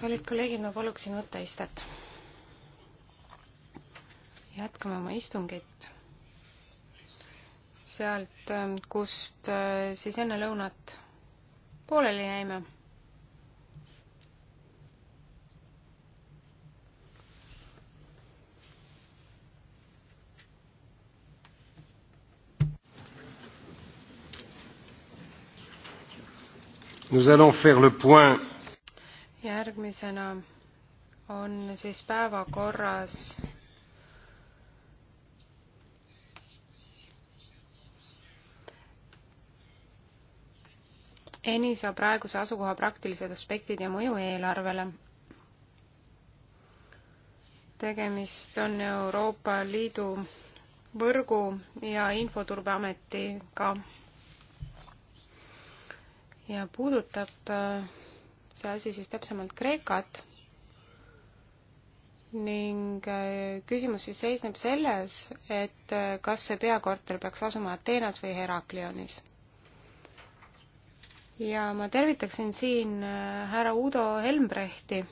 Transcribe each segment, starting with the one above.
kallid kolleegid, ma paluksin võtta istet. jätkame oma istungit sealt, ähm, kust äh, siis enne lõunat pooleli jäime Nous allons faire le point. järgmisena on siis päevakorras Enisa praeguse asukoha praktilised aspektid ja mõju eelarvele. tegemist on Euroopa Liidu võrgu ja infoturbeametiga ja puudutab äh, see asi siis täpsemalt Kreekat ning äh, küsimus siis seisneb selles, et äh, kas see peakorter peaks asuma Ateenas või Heraklionis. ja ma tervitaksin siin härra Udo Helmbrechti.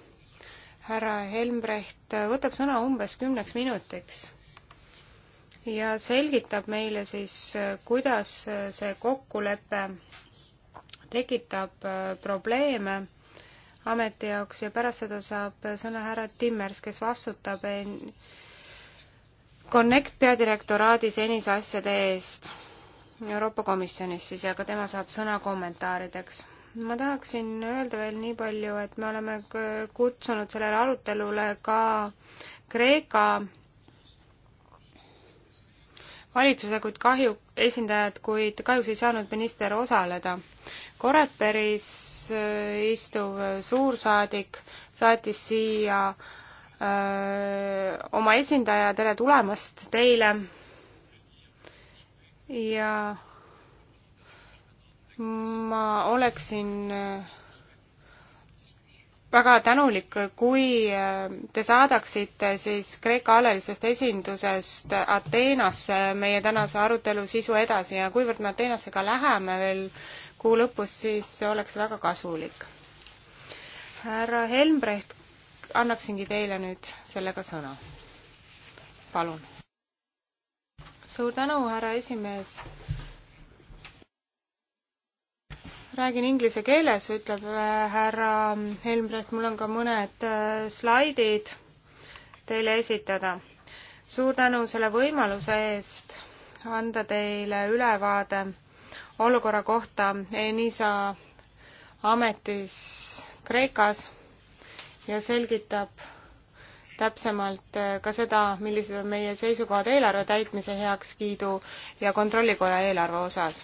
härra Helmbrecht võtab sõna umbes kümneks minutiks ja selgitab meile siis, kuidas see kokkulepe tekitab äh, probleeme ameti jaoks ja pärast seda saab sõna härra Timmers, kes vastutab Connect peadirektoraadis ENISA asjade eest Euroopa Komisjonis siis, aga tema saab sõna kommentaarideks. ma tahaksin öelda veel nii palju, et me oleme kutsunud sellele arutelule ka Kreeka valitsuse, kuid kahju, esindajad, kuid kahjuks ei saanud minister osaleda Koreperis äh, istuv suursaadik saatis siia öö, äh, oma esindaja, tere tulemast teile. ja ma oleksin äh, väga tänulik, kui te saadaksite siis Kreeka alalisest esindusest Ateenasse meie tänase arutelu sisu edasi ja kuivõrd me Ateenasse ka läheme veel kuu lõpus, siis oleks väga kasulik. härra Helmbrecht, annaksingi teile nüüd sellega sõna. palun. suur tänu, härra esimees. räägin inglise keeles, ütleb äh, härra Helmbrecht, mul on ka mõned äh, slaidid teile esitada. suur tänu selle võimaluse eest anda teile ülevaade olukorra kohta Enisa ametis Kreekas ja selgitab täpsemalt äh, ka seda, millised on meie seisukohad eelarve täitmise heakskiidu ja kontrollikoja eelarve osas.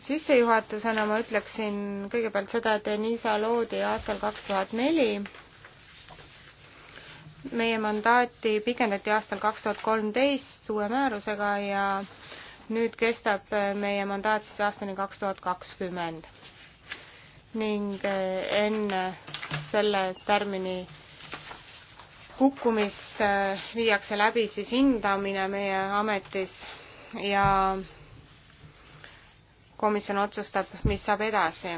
sissejuhatusena ma ütleksin kõigepealt seda, et Enisa loodi aastal kaks tuhat neli. meie mandaati pikendati aastal kaks tuhat kolmteist uue määrusega ja nüüd kestab äh, meie mandaat siis aastani kaks tuhat kakskümmend ning äh, enne selle tärmini hukkumist äh, viiakse läbi siis hindamine meie ametis ja komisjon otsustab, mis saab edasi.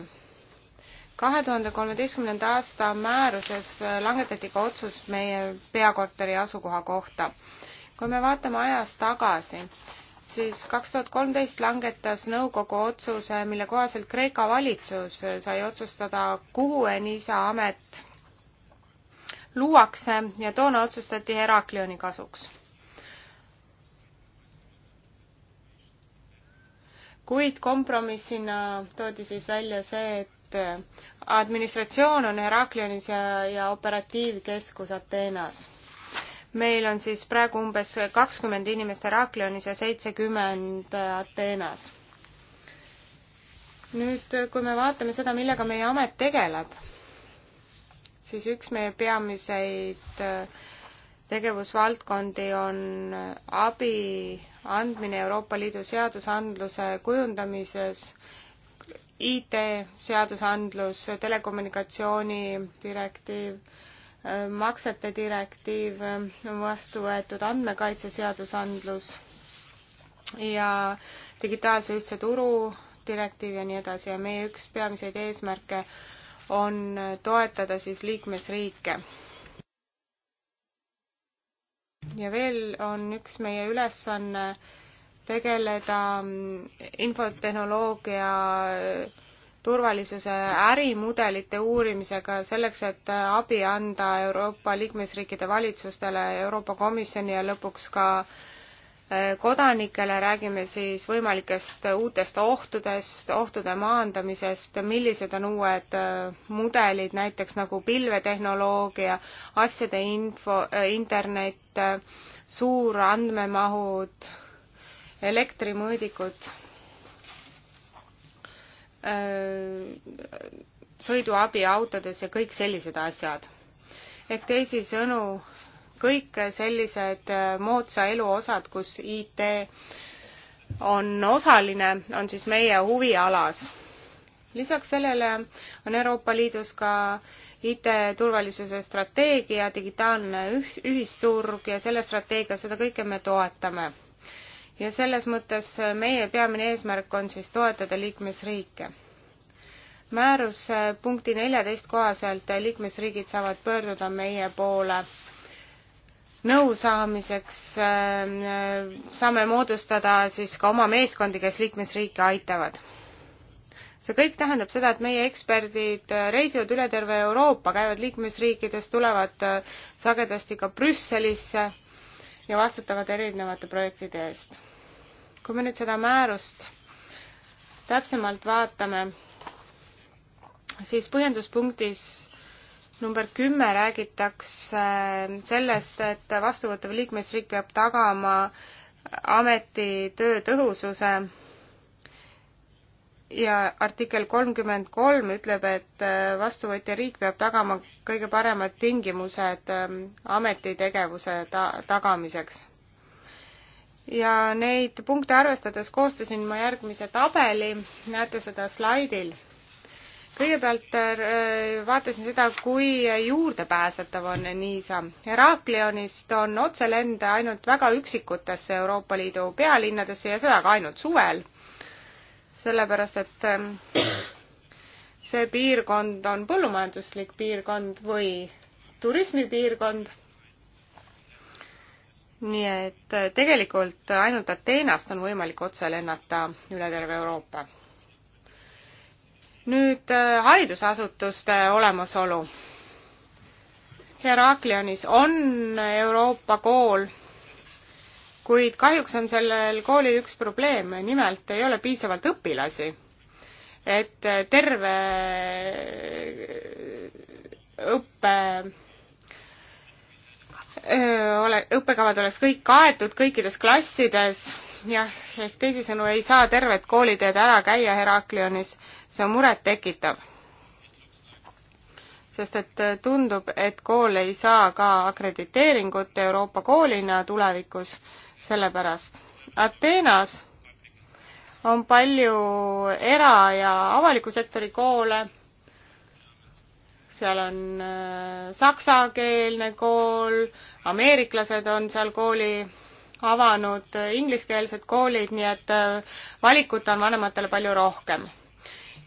kahe tuhande kolmeteistkümnenda aasta määruses langetati ka otsus meie peakorteri asukoha kohta. kui me vaatame ajas tagasi, siis kaks tuhat kolmteist langetas nõukogu otsuse, mille kohaselt Kreeka valitsus sai otsustada, kuhu Enisa amet luuakse ja toona otsustati Heraklioni kasuks. kuid kompromissina toodi siis välja see, et administratsioon on Heraklionis ja, ja operatiivkeskus Ateenas meil on siis praegu umbes kakskümmend inimest Heraklionis ja seitsekümmend Ateenas. nüüd, kui me vaatame seda, millega meie amet tegeleb, siis üks meie peamiseid äh, tegevusvaldkondi on abi andmine Euroopa Liidu seadusandluse kujundamises, IT seadusandlus, telekommunikatsiooni direktiiv maksete direktiiv on vastu võetud, andmekaitseseadusandlus ja digitaalse ühtse turu direktiiv ja nii edasi ja meie üks peamiseid eesmärke on toetada siis liikmesriike. ja veel on üks meie ülesanne tegeleda infotehnoloogia turvalisuse ärimudelite uurimisega selleks, et abi anda Euroopa liikmesriikide valitsustele, Euroopa Komisjoni ja lõpuks ka eh, kodanikele, räägime siis võimalikest uutest ohtudest, ohtude maandamisest, millised on uued eh, mudelid, näiteks nagu pilvetehnoloogia, asjade info, eh, internet, suurandmemahud, elektrimõõdikud Äh, sõiduabiautodes ja kõik sellised asjad. ehk teisisõnu, kõik sellised äh, moodsa elu osad, kus IT on osaline, on siis meie huvialas. lisaks sellele on Euroopa Liidus ka IT-turvalisuse strateegia, digitaalne ühisturg ja selle strateegia, seda kõike me toetame ja selles mõttes äh, meie peamine eesmärk on siis toetada liikmesriike. määruse äh, punkti neljateist kohaselt äh, liikmesriigid saavad pöörduda meie poole nõu saamiseks, ähm, saame moodustada siis ka oma meeskondi, kes liikmesriike aitavad. see kõik tähendab seda, et meie eksperdid reisivad üle terve Euroopa, käivad liikmesriikides, tulevad sagedasti ka Brüsselisse ja vastutavad erinevate projektide eest. kui me nüüd seda määrust täpsemalt vaatame, siis põhjenduspunktis number kümme räägitakse äh, sellest, et vastuvõttev liikmesriik peab tagama ameti töö tõhususe ja artikkel kolmkümmend kolm ütleb, et äh, vastuvõtja riik peab tagama kõige paremad tingimused ähm, ametitegevuse ta-, tagamiseks. ja neid punkte arvestades koostasin ma järgmise tabeli, näete seda slaidil. kõigepealt äh, vaatasin seda, kui juurdepääsetav on Niisa. Heraklionist on otselende ainult väga üksikutesse Euroopa Liidu pealinnadesse ja seda ka ainult suvel sellepärast et ähm, see piirkond on põllumajanduslik piirkond või turismipiirkond. nii et äh, tegelikult ainult Ateenast on võimalik otse lennata üle terve Euroopa. nüüd äh, haridusasutuste olemasolu. Heraklionis on Euroopa kool kuid kahjuks on sellel koolil üks probleem, nimelt ei ole piisavalt õpilasi. et terve äh, õppe äh, ole, õppekavad oleks kõik kaetud kõikides klassides, jah, ehk teisisõnu ei saa tervet kooliteed ära käia Heraklionis, see on murettekitav. sest et äh, tundub, et kool ei saa ka akrediteeringut Euroopa koolina tulevikus sellepärast. Ateenas on palju era- ja avaliku sektori koole, seal on äh, saksakeelne kool, ameeriklased on seal kooli avanud, ingliskeelsed koolid, nii et äh, valikut on vanematele palju rohkem.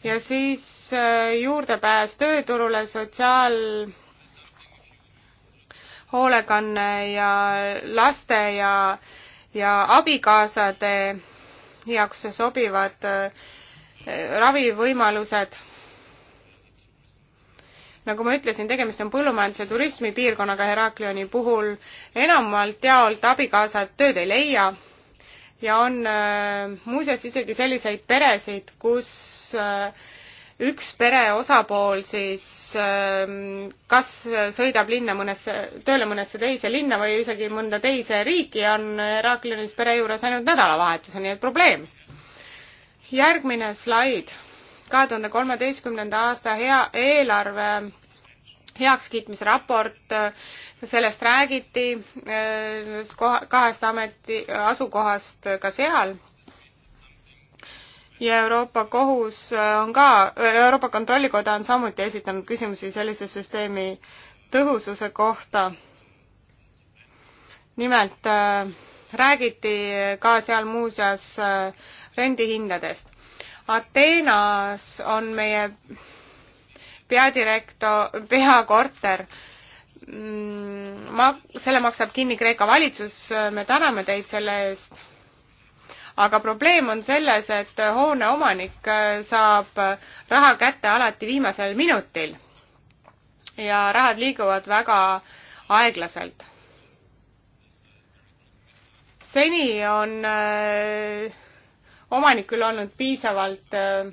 ja siis äh, juurdepääs tööturule, sotsiaalhoolekanne ja laste ja äh, ja abikaasade jaoks sobivad äh, ravivõimalused. nagu ma ütlesin, tegemist on põllumajandus- ja turismipiirkonnaga Heraklioni puhul. enamalt jaolt abikaasad tööd ei leia ja on äh, muuseas isegi selliseid peresid, kus äh, üks pere osapool siis ähm, kas sõidab linna mõnesse, tööle mõnesse teise linna või isegi mõnda teise riiki ja on Heraklionis pere juures ainult nädalavahetuseni, et probleem. järgmine slaid, kahe tuhande kolmeteistkümnenda aasta hea eelarve heakskiitmise raport, sellest räägiti äh, kahest ameti asukohast ka seal ja Euroopa Kohus äh, on ka, äh, Euroopa Kontrollikoda on samuti esitanud küsimusi sellise süsteemi tõhususe kohta. nimelt äh, räägiti ka seal muuseas äh, rendihindadest. Ateenas on meie peadirektor, peakorter mm, ma, selle maksab kinni Kreeka valitsus, äh, me täname teid selle eest aga probleem on selles, et hoone omanik äh, saab äh, raha kätte alati viimasel minutil. ja rahad liiguvad väga aeglaselt. seni on öö, äh, omanikul olnud piisavalt öö,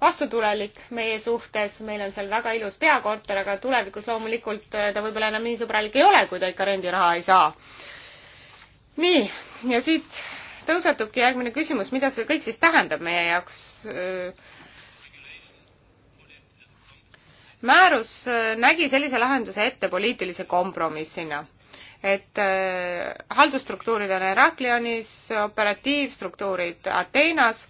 vastutulelik meie suhtes, meil on seal väga ilus peakorter, aga tulevikus loomulikult ta võib-olla enam nii sõbralik ei ole, kui ta ikka rendiraha ei saa. nii, ja siit tõusetubki järgmine küsimus, mida see kõik siis tähendab meie jaoks? määrus äh, nägi sellise lahenduse ette poliitilise kompromissina, et äh, haldusstruktuurid on Heraklionis, operatiivstruktuurid Ateenas,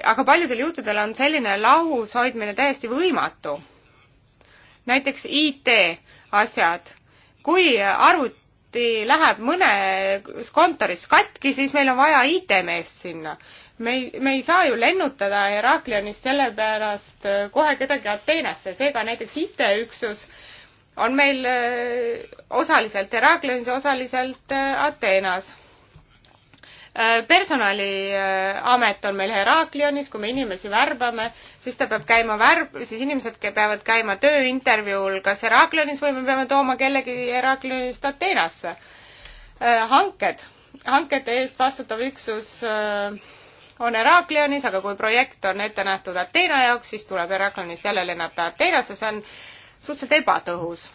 aga paljudel juhtudel on selline lahus hoidmine täiesti võimatu. näiteks IT asjad, kui arvut-, arvuti läheb mõnes kontoris katki, siis meil on vaja IT-meest sinna. me ei, me ei saa ju lennutada Heraklionist sellepärast kohe kedagi Ateenasse, seega näiteks IT-üksus on meil eh, osaliselt Heraklionis, osaliselt eh, Ateenas Äh, personaliamet on meil Heraklionis, kui me inimesi värbame, siis ta peab käima värb, siis inimesed peavad käima tööintervjuul kas Heraklionis või me peame tooma kellegi Heraklionist Ateenasse. Äh, hanked, hankete eest vastutav üksus äh, on Heraklionis, aga kui projekt on ette nähtud Ateena jaoks, siis tuleb Heraklionist jälle lennata Ateenasse, see on suhteliselt ebatõhus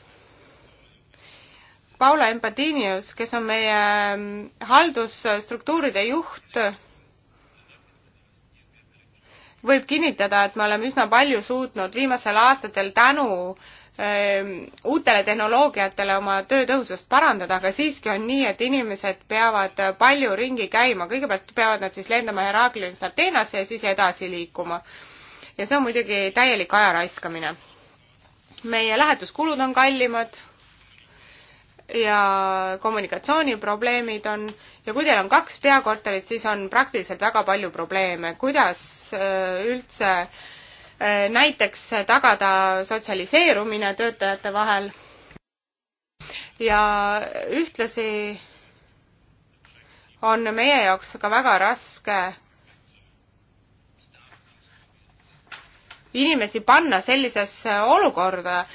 Paula Empatinius, kes on meie mm, haldusstruktuuride juht, võib kinnitada, et me oleme üsna palju suutnud viimasel aastatel tänu öö, ehm, uutele tehnoloogiatele oma töötõhusust parandada, aga siiski on nii, et inimesed peavad palju ringi käima, kõigepealt peavad nad siis lendama Heraklionist Ateenasse ja siis edasi liikuma. ja see on muidugi täielik aja raiskamine. meie lähetuskulud on kallimad ja kommunikatsiooniprobleemid on ja kui teil on kaks peakorterit, siis on praktiliselt väga palju probleeme, kuidas äh, üldse äh, näiteks tagada sotsialiseerumine töötajate vahel ja ühtlasi on meie jaoks ka väga raske inimesi panna sellisesse olukorda.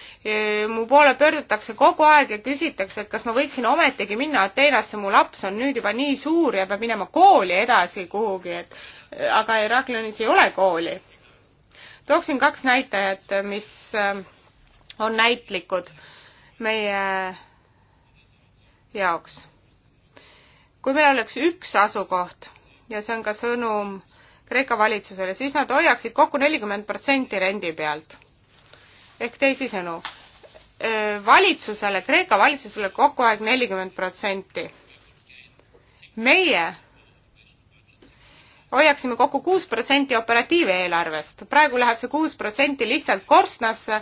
mu poole pöördutakse kogu aeg ja küsitakse, et kas ma võiksin ometigi minna Ateenasse, mu laps on nüüd juba nii suur ja peab minema kooli edasi kuhugi, et aga Heraklionis ei ole kooli. tooksin kaks näitajat, mis äh, on näitlikud meie jaoks. kui meil oleks üks asukoht ja see on ka sõnum äh, Kreeka valitsusele, siis nad hoiaksid kokku nelikümmend protsenti rendi pealt. ehk teisisõnu, valitsusele, Kreeka valitsusele kokku aeg nelikümmend protsenti. meie hoiaksime kokku kuus protsenti operatiiveelarvest, praegu läheb see kuus protsenti lihtsalt korstnasse,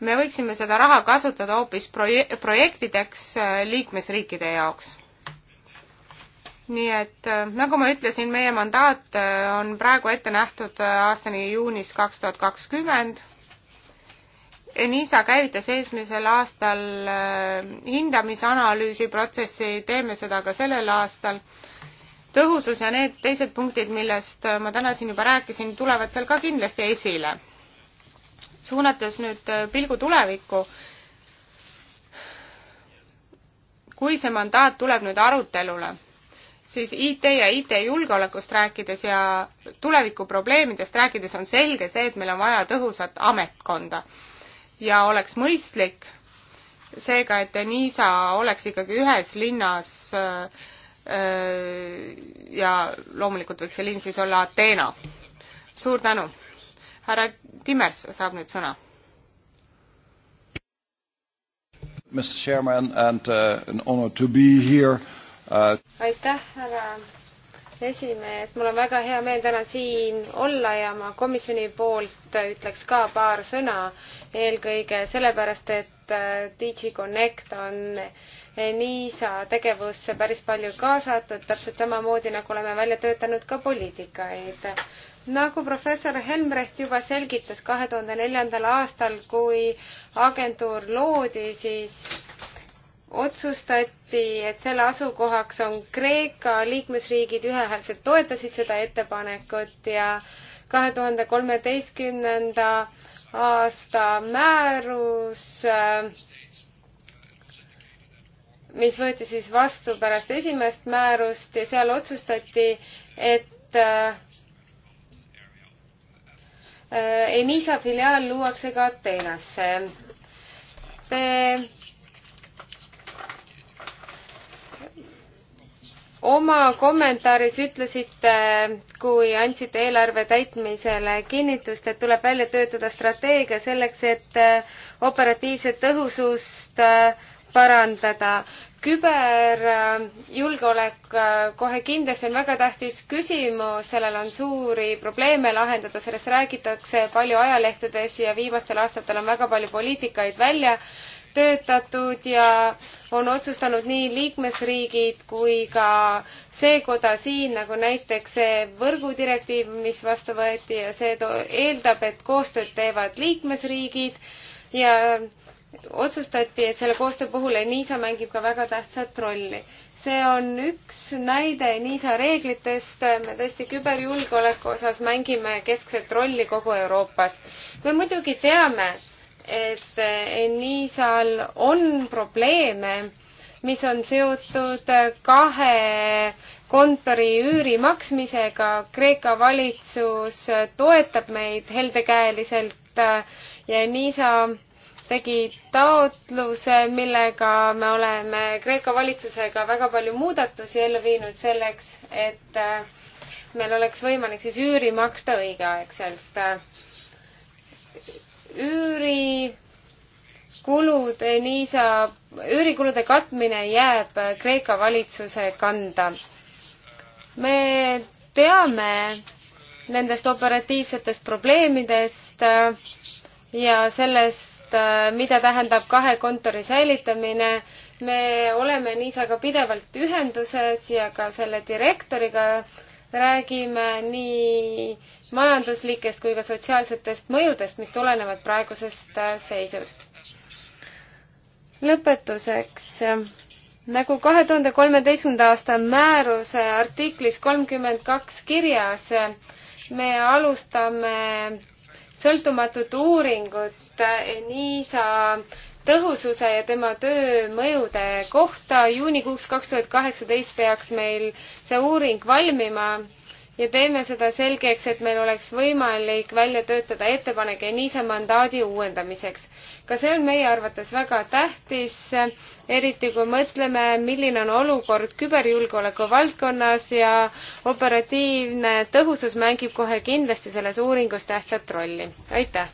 me võiksime seda raha kasutada hoopis proje-, projektideks liikmesriikide jaoks nii et äh, nagu ma ütlesin, meie mandaat äh, on praegu ette nähtud äh, aastani juunis kaks tuhat kakskümmend. Enisa käivitas eelmisel aastal hindamisanalüüsi protsessi, teeme seda ka sellel aastal. tõhusus ja need teised punktid, millest ma täna siin juba rääkisin, tulevad seal ka kindlasti esile. suunates nüüd pilgu tulevikku kui see mandaat tuleb nüüd arutelule, siis IT ja IT-julgeolekust rääkides ja tulevikuprobleemidest rääkides on selge see, et meil on vaja tõhusat ametkonda. ja oleks mõistlik seega, et Niisa oleks ikkagi ühes linnas äh, äh, ja loomulikult võiks see linn siis olla Ateena. suur tänu. härra Timmers saab nüüd sõna. Mr Chairman and uh, an honor to be here uh, Äh, aitäh, härra esimees, mul on väga hea meel täna siin olla ja ma komisjoni poolt ütleks ka paar sõna, eelkõige sellepärast, et äh, DigiConnect on NISA tegevusse päris palju kaasatud, täpselt samamoodi nagu oleme välja töötanud ka poliitikaid. nagu professor Helmrecht juba selgitas kahe tuhande neljandal aastal, kui agentuur loodi, siis otsustati, et selle asukohaks on Kreeka, liikmesriigid ühehäälselt toetasid seda ettepanekut ja kahe tuhande kolmeteistkümnenda aasta määrus, mis võeti siis vastu pärast esimest määrust ja seal otsustati, et äh, Enisa filiaal luuakse ka Ateenasse. Te oma kommentaaris ütlesite, kui andsite eelarve täitmisele kinnitust, et tuleb välja töötada strateegia selleks, et äh, operatiivset tõhusust äh, parandada. küberjulgeolek äh, kohe kindlasti on väga tähtis küsimus, sellel on suuri probleeme lahendada, sellest räägitakse palju ajalehtedes ja viimastel aastatel on väga palju poliitikaid välja töötatud ja on otsustanud nii liikmesriigid kui ka see koda siin, nagu näiteks see võrgudirektiiv, mis vastu võeti ja see eeldab, et koostööd teevad liikmesriigid ja otsustati, et selle koostöö puhul Enisa mängib ka väga tähtsat rolli. see on üks näide Enisa reeglitest, me tõesti küberjulgeoleku osas mängime keskset rolli kogu Euroopas. me muidugi teame, et Enisal on probleeme, mis on seotud kahe kontori üüri maksmisega. Kreeka valitsus toetab meid heldekäeliselt ja Enisa tegi taotluse, millega me oleme Kreeka valitsusega väga palju muudatusi ellu viinud selleks, et meil oleks võimalik siis üüri maksta õigeaegselt üürikulud, nii saab, üürikulude katmine jääb Kreeka valitsuse kanda. me teame nendest operatiivsetest probleemidest ja sellest, mida tähendab kahe kontori säilitamine. me oleme Niisaga pidevalt ühenduses ja ka selle direktoriga räägime nii majanduslikest kui ka sotsiaalsetest mõjudest, mis tulenevad praegusest äh, seisust. lõpetuseks, äh, nagu kahe tuhande kolmeteistkümnenda aasta määruse artiklis kolmkümmend kaks kirjas, äh, me alustame sõltumatut uuringut Niisa tõhususe ja tema töö mõjude kohta. juunikuuks kaks tuhat kaheksateist peaks meil see uuring valmima ja teeme seda selgeks, et meil oleks võimalik välja töötada ettepanek Enise mandaadi uuendamiseks. ka see on meie arvates väga tähtis, eriti kui mõtleme, milline on olukord küberjulgeoleku valdkonnas ja operatiivne tõhusus mängib kohe kindlasti selles uuringus tähtsat rolli. aitäh!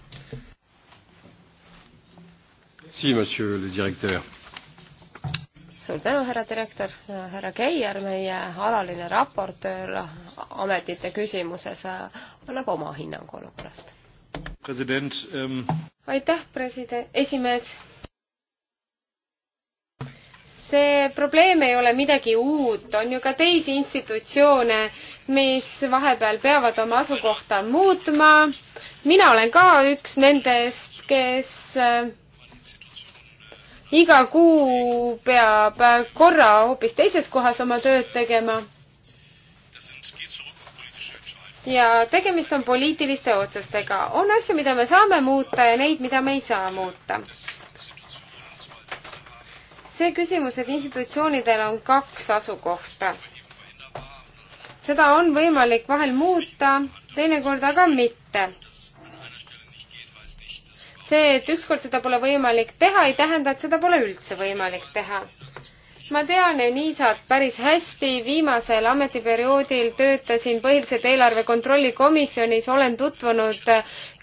Merci, monsieur le directeur. suur tänu, härra direktor, härra Keier, meie alaline raportöör ametite küsimuses annab oma hinnangu olukorrast. president ähm.... aitäh, president, esimees see probleem ei ole midagi uut, on ju ka teisi institutsioone, mis vahepeal peavad oma asukohta muutma. mina olen ka üks nendest, kes äh, iga kuu peab korra hoopis teises kohas oma tööd tegema. ja tegemist on poliitiliste otsustega. on asju, mida me saame muuta ja neid, mida me ei saa muuta. see küsimus, et institutsioonidel on kaks asukohta. seda on võimalik vahel muuta, teinekord aga mitte see, et ükskord seda pole võimalik teha, ei tähenda, et seda pole üldse võimalik teha. ma tean Enisat päris hästi, viimasel ametiperioodil töötasin põhiliselt eelarve kontrolli komisjonis, olen tutvunud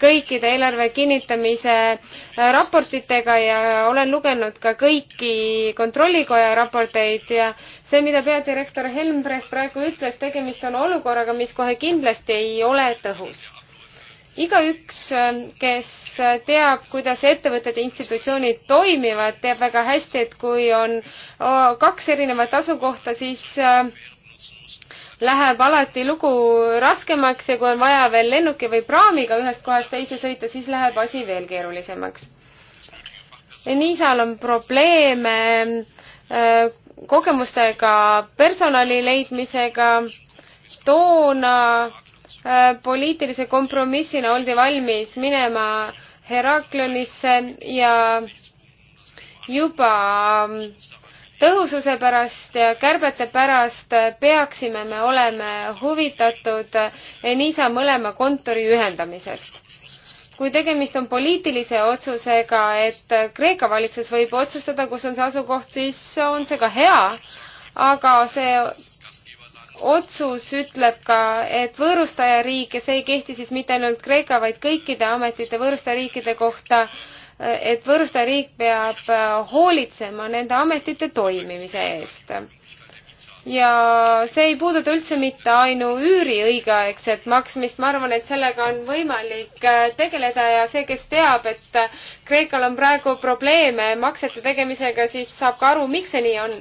kõikide eelarve kinnitamise äh, raportitega ja olen lugenud ka kõiki kontrollikoja raporteid ja see, mida peadirektor Helmbrecht praegu ütles, tegemist on olukorraga, mis kohe kindlasti ei ole tõhus igaüks, äh, kes äh, teab, kuidas ettevõtted ja institutsioonid toimivad, teab väga hästi, et kui on kaks erinevat asukohta, siis äh, läheb alati lugu raskemaks ja kui on vaja veel lennuki või praamiga ühest kohast teise sõita, siis läheb asi veel keerulisemaks. Niisal on probleeme kogemustega personali leidmisega, toona Äh, poliitilise kompromissina oldi valmis minema Heraklionisse ja juba ähm, tõhususe pärast ja kärbete pärast peaksime me olema huvitatud äh, Enisa mõlema kontori ühendamisest. kui tegemist on poliitilise otsusega, et äh, Kreeka valitsus võib otsustada, kus on see asukoht, siis on see ka hea, aga see otsus ütleb ka, et võõrustajariik ja see ei kehti siis mitte ainult Kreeka, vaid kõikide ametite võõrustajariikide kohta, et võõrustajariik peab äh, hoolitsema nende ametite toimimise eest. ja see ei puuduta üldse mitte ainuüüri õigeaegset maksmist, ma arvan, et sellega on võimalik äh, tegeleda ja see, kes teab, et Kreekal on praegu probleeme maksete tegemisega, siis saab ka aru, miks see nii on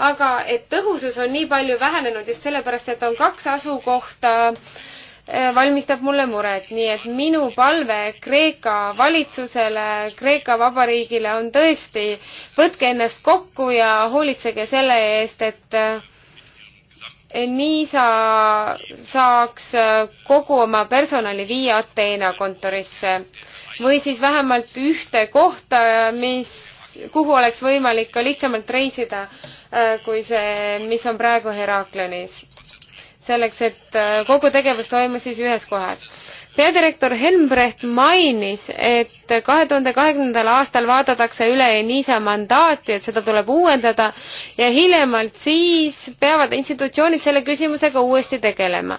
aga et tõhusus on nii palju vähenenud just sellepärast, et on kaks asukohta, eh, valmistab mulle muret, nii et minu palve Kreeka valitsusele, Kreeka Vabariigile on tõesti, võtke ennast kokku ja hoolitsege selle eest, et eh, nii sa saaks eh, kogu oma personali viia Ateena kontorisse või siis vähemalt ühte kohta, mis, kuhu oleks võimalik ka lihtsamalt reisida Äh, kui see, mis on praegu Heraklenis. selleks, et äh, kogu tegevus toimus siis ühes kohas. peadirektor Helmbrecht mainis, et kahe tuhande kahekümnendal aastal vaadatakse üle Enisa mandaati, et seda tuleb uuendada ja hiljemalt siis peavad institutsioonid selle küsimusega uuesti tegelema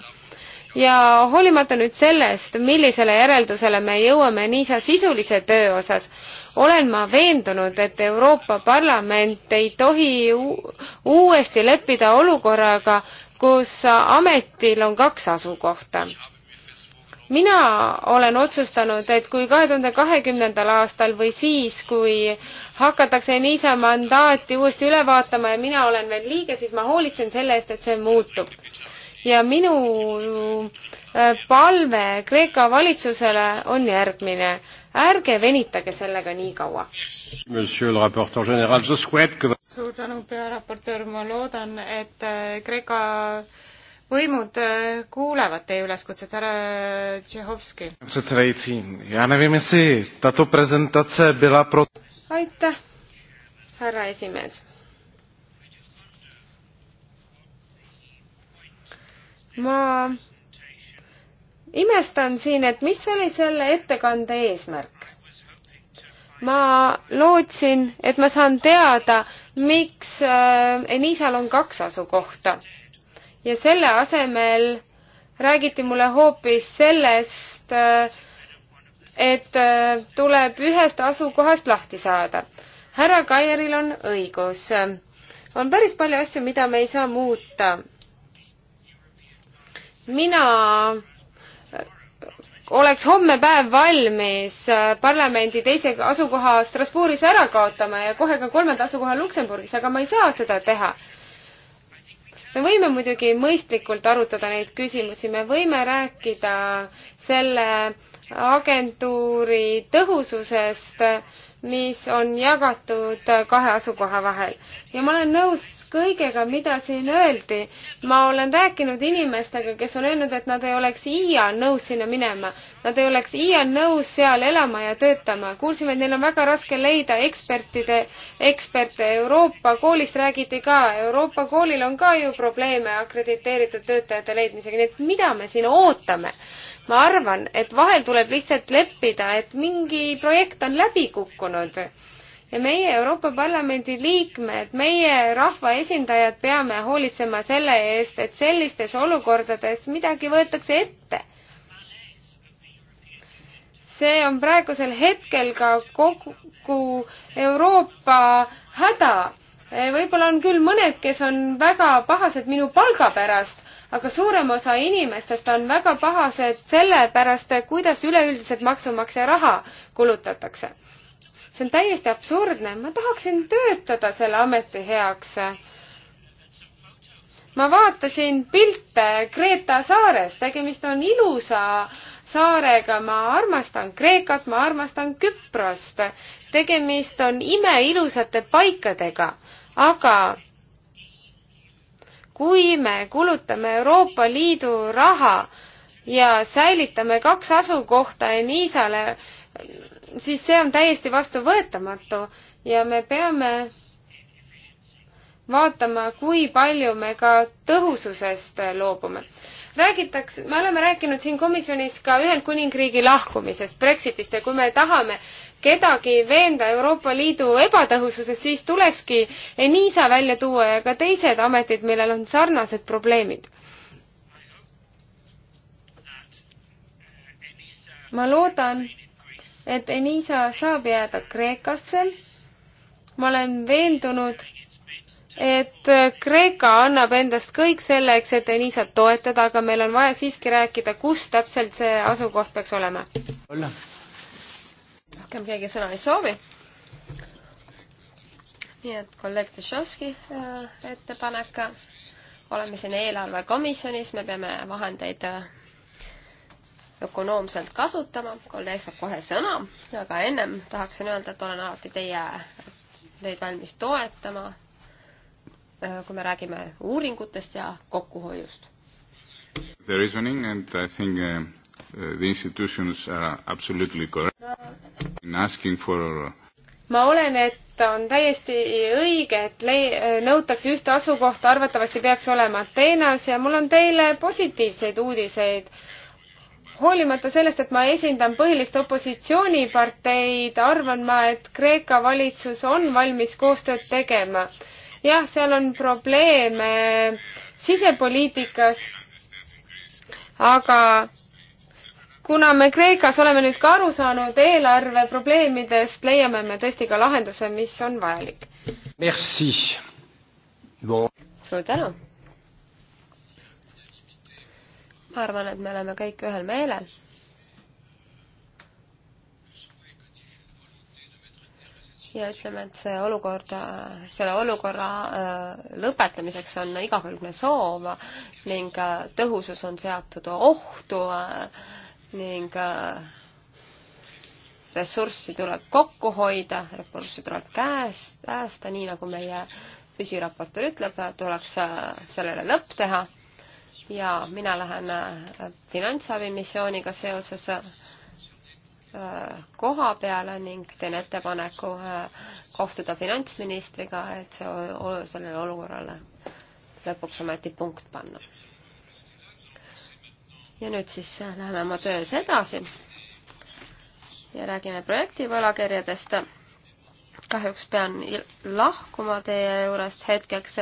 ja hoolimata nüüd sellest, millisele järeldusele me jõuame Enisa sisulise töö osas, olen ma veendunud, et Euroopa Parlament ei tohi uuesti leppida olukorraga, kus ametil on kaks asukohta. mina olen otsustanud, et kui kahe tuhande kahekümnendal aastal või siis, kui hakatakse niisa mandaati uuesti üle vaatama ja mina olen veel liige, siis ma hoolitsen selle eest, et see muutub ja minu äh, palve Kreeka valitsusele on järgmine. ärge venitage sellega nii kaua. suur tänu, pearaportöör, ma loodan, et äh, Kreeka võimud äh, kuulevad teie üleskutset, härra Tšehhovski. aitäh, härra esimees ma imestan siin, et mis oli selle ettekande eesmärk. ma lootsin, et ma saan teada, miks äh, Enisal on kaks asukohta ja selle asemel räägiti mulle hoopis sellest, äh, et äh, tuleb ühest asukohast lahti saada. härra Kaieril on õigus. on päris palju asju, mida me ei saa muuta mina oleks homme päev valmis äh, parlamendi teise asukoha Strasbourgis ära kaotama ja kohe ka kolmanda asukoha Luksemburgis, aga ma ei saa seda teha. me võime muidugi mõistlikult arutada neid küsimusi, me võime rääkida selle agentuuri tõhususest mis on jagatud kahe asukoha vahel. ja ma olen nõus kõigega, mida siin öeldi. ma olen rääkinud inimestega, kes on öelnud, et nad ei oleks iial nõus sinna minema. Nad ei oleks iial nõus seal elama ja töötama. kuulsime, et neil on väga raske leida ekspertide, eksperte. Euroopa koolist räägiti ka. Euroopa koolil on ka ju probleeme akrediteeritud töötajate leidmisega. nii et mida me siin ootame? ma arvan, et vahel tuleb lihtsalt leppida, et mingi projekt on läbi kukkunud ja meie Euroopa Parlamendi liikmed, meie rahvaesindajad peame hoolitsema selle eest, et sellistes olukordades midagi võetakse ette. see on praegusel hetkel ka kogu Euroopa häda. võib-olla on küll mõned, kes on väga pahased minu palga pärast, aga suurem osa inimestest on väga pahased selle pärast, kuidas üleüldiselt maksumaksja raha kulutatakse. see on täiesti absurdne, ma tahaksin töötada selle ameti heaks. ma vaatasin pilte Kreeta saarest, tegemist on ilusa saarega, ma armastan Kreekat, ma armastan Küprost. tegemist on imeilusate paikadega, aga kui me kulutame Euroopa Liidu raha ja säilitame kaks asukohta Enisale, siis see on täiesti vastuvõetamatu ja me peame vaatama, kui palju me ka tõhususest loobume. räägitakse, me oleme rääkinud siin komisjonis ka Ühendkuningriigi lahkumisest, Brexitist ja kui me tahame, kedagi veenda Euroopa Liidu ebatõhususes, siis tulekski Enisa välja tuua ja ka teised ametid, millel on sarnased probleemid. ma loodan, et Enisa saab jääda Kreekasse. ma olen veendunud, et Kreeka annab endast kõik selleks, et Enisat toetada, aga meil on vaja siiski rääkida, kus täpselt see asukoht peaks olema. olla rohkem keegi sõna ei soovi. nii et kolleeg Tšovski äh, ettepanek. oleme siin eelarvekomisjonis, me peame vahendeid äh, ökonoomselt kasutama, kolleeg saab kohe sõna, aga ennem tahaksin öelda, et olen alati teie, teid valmis toetama, äh, kui me räägime uuringutest ja kokkuhoiust. The reasoning and I think uh Uh, the institutions are absolutely correct in asking for uh, ma olen, et on täiesti õige, et le-, nõutakse ühte asukohta, arvatavasti peaks olema Ateenas ja mul on teile positiivseid uudiseid. hoolimata sellest, et ma esindan põhilist opositsiooniparteid, arvan ma, et Kreeka valitsus on valmis koostööd tegema. jah, seal on probleeme sisepoliitikas, aga kuna me Kreekas oleme nüüd ka aru saanud eelarveprobleemidest, leiame me tõesti ka lahenduse, mis on vajalik. Merci bon.. suur tänu. ma arvan, et me oleme kõik ühel meelel. ja ütleme, et see olukord, selle olukorra äh, lõpetamiseks on igakülgne soov ning äh, tõhusus on seatud ohtu äh, ning äh, ressurssi tuleb kokku hoida, ressurssi tuleb käest, käesta, nii nagu meie püsiraportor ütleb, tuleks äh, sellele lõpp teha ja mina lähen äh, finantsabimissiooniga seoses koha peale ning teen ettepaneku kohtuda finantsministriga, et see, sellele olukorrale lõpuks ometi punkt panna ja nüüd siis äh, läheme oma töös edasi ja räägime projekti võlakirjadest. kahjuks pean lahkuma teie juurest hetkeks,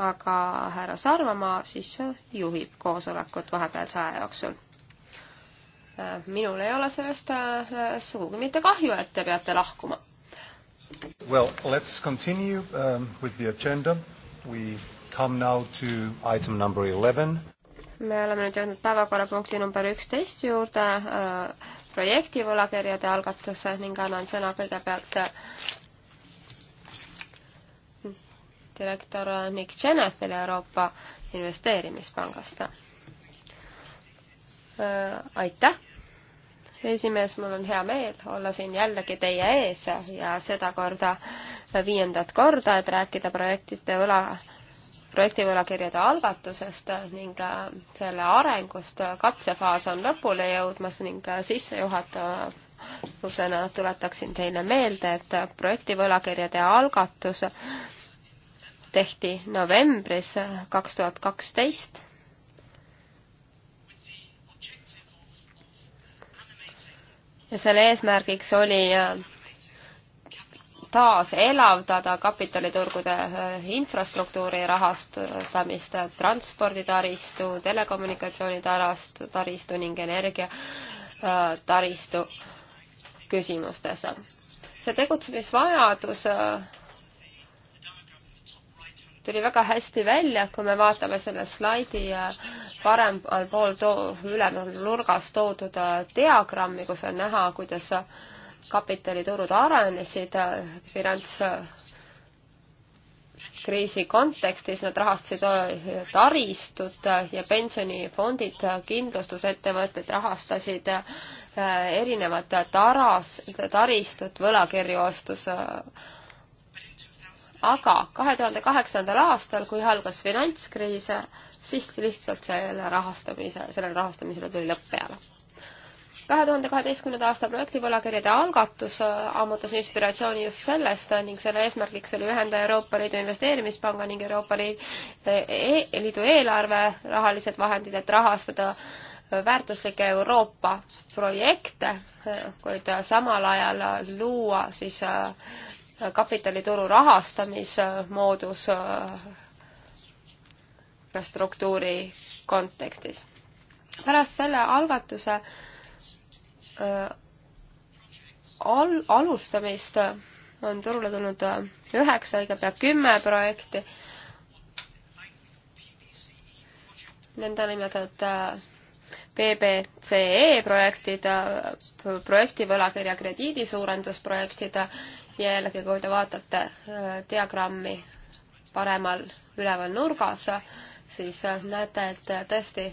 aga härra Sarvamaa siis äh, juhib koosolekut vahepealse aja jooksul. Äh, minul ei ole sellest sugugi mitte kahju, et te peate lahkuma. Well, let's continue um, with the agenda. We come now to item number eleven me oleme nüüd jõudnud päevakorrapunkti number üksteist juurde äh,, projekti võlakirjade algatuse ning annan sõna kõigepealt äh, direktor Nick Genethile Euroopa Investeerimispangast äh,. aitäh, esimees, mul on hea meel olla siin jällegi teie ees ja sedakorda äh, viiendat korda, et rääkida projektide võla projektivõlakirjade algatusest ning äh, selle arengust. katsefaas on lõpule jõudmas ning äh, sissejuhatusena tuletaksin teile meelde, et projektivõlakirjade algatus tehti novembris kaks tuhat kaksteist ja selle eesmärgiks oli äh, taas elavdada kapitaliturgude äh, infrastruktuuri rahastamist, transporditaristu, telekommunikatsioonitaristu, taristu ning energiataristu äh, küsimustes. see tegutsemisvajadus äh, tuli väga hästi välja, kui me vaatame selle slaidi paremal pool too, ülemal nurgas toodud diagrammi, kus on näha, kuidas kapitaliturud arenesid äh, finantskriisi kontekstis, nad rahastasid äh, taristut äh, ja pensionifondid, kindlustusettevõtted rahastasid erinevat taras, taristut, võlakirju ostus. aga kahe tuhande kaheksandal aastal, kui algas finantskriis, siis lihtsalt selle rahastamise, sellele rahastamisele tuli lõpp peale kahe tuhande kaheteistkümnenda aasta projekti võlakirjade algatus äh, ammutas inspiratsiooni just sellest äh, ning selle eesmärgiks oli ühendada Euroopa Liidu Investeerimispanga ning Euroopa äh, e-, Liidu eelarve rahalised vahendid, et rahastada väärtuslikke Euroopa projekte, kuid samal ajal luua siis kapitalituru rahastamismoodus infrastruktuuri kontekstis. pärast selle algatuse äh, Äh, al-, alustamist on turule tulnud äh, üheksa, õige pea kümme projekti. nõndanimetatud PBCE äh, projektid, projektivõlakirja krediidi suurendusprojektid ja jällegi, kui te vaatate diagrammi paremal üleval nurgas, siis näete, et tõesti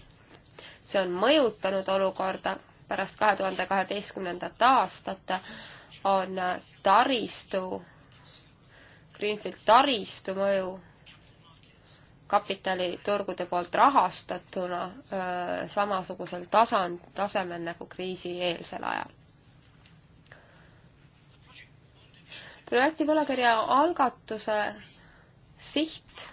see on mõjutanud olukorda pärast kahe tuhande kaheteistkümnendat aastat on taristu, Greenfield taristu mõju kapitaliturgude poolt rahastatuna öö, samasugusel tasand, tasemel nagu kriisieelsel ajal. projekti võlakirja algatuse siht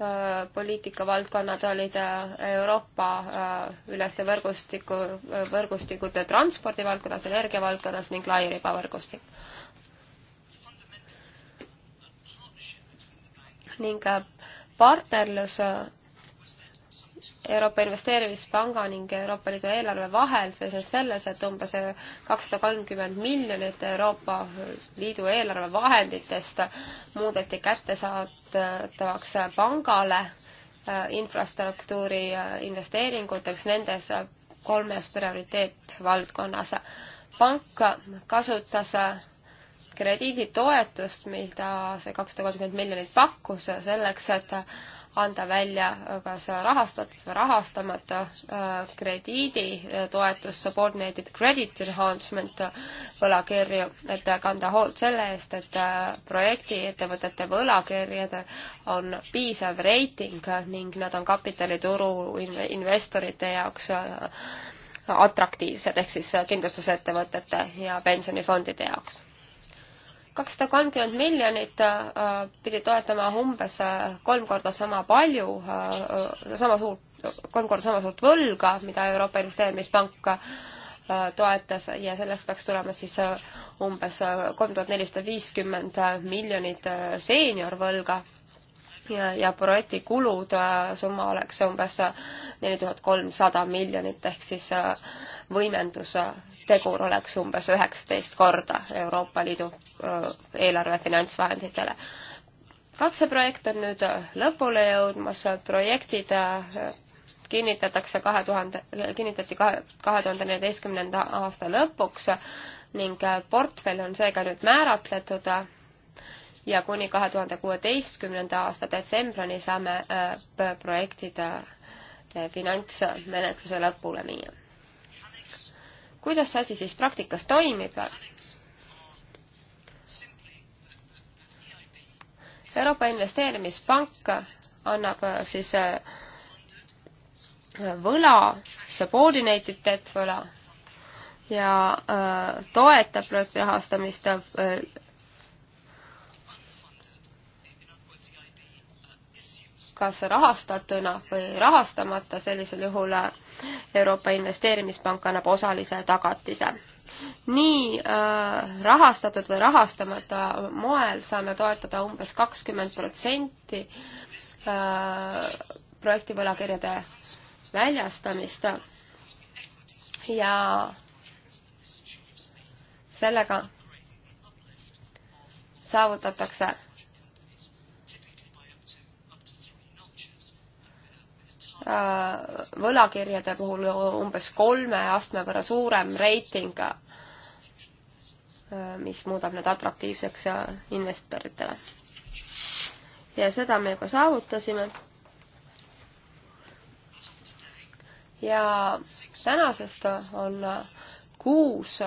Äh, poliitikavaldkonnad olid äh, Euroopa äh, üleste võrgustiku, võrgustikute transpordivaldkonnas, energiavaldkonnas ning lairibavõrgustik. ning partnerlus Euroopa Investeerimispanga ning Euroopa Liidu eelarve vahel seisnes selles, et umbes kakssada kolmkümmend miljonit Euroopa Liidu eelarve vahenditest muudeti kättesaadavaks pangale äh, infrastruktuuri äh, investeeringuteks nendes kolmes prioriteetvaldkonnas. pank kasutas äh, krediiditoetust, mida see kakssada kolmkümmend miljonit pakkus, selleks et anda välja äh, kas rahastatud või rahastamata äh, krediiditoetus, äh, subordinated credit enhancement võlakirju, et kanda hoolt selle eest, et projektiettevõtete võlakirjadel on piisav reiting ning nad on kapitalituru investorite jaoks atraktiivsed ehk siis kindlustusettevõtete ja pensionifondide jaoks kakssada kolmkümmend miljonit äh, pidi toetama umbes äh, kolm korda sama palju, äh, sama suurt, kolm korda sama suurt võlga, mida Euroopa Investeerimispank toetas ja sellest peaks tulema siis umbes kolm tuhat nelisada viiskümmend miljonit seeniorvõlga ja, ja projekti kulud, äh, summa oleks umbes äh, neli tuhat kolmsada miljonit, ehk siis äh, võimendustegur oleks umbes üheksateist korda Euroopa Liidu eelarve finantsvahenditele katseprojekt on nüüd lõpule jõudmas, projektid kinnitatakse kahe tuhande, kinnitati kahe, kahe tuhande neljateistkümnenda aasta lõpuks ning portfell on seega nüüd määratletud ja kuni kahe tuhande kuueteistkümnenda aasta detsembrini saame äh, projektide äh, finantsmenetluse lõpule viia. kuidas see asi siis praktikas toimib? Euroopa Investeerimispank annab äh, siis võla, subordinated debt võla ja toetab projekti rahastamist kas rahastatuna või rahastamata, sellisel juhul Euroopa Investeerimispank annab osalise tagatise. nii äh, rahastatud või rahastamata moel saame toetada umbes kakskümmend protsenti äh, projekti võlakirjade väljastamist ja sellega saavutatakse võlakirjade puhul umbes kolme astme võrra suurem reiting, mis muudab need atraktiivseks investoritele. ja seda me juba saavutasime. ja tänasest on kuus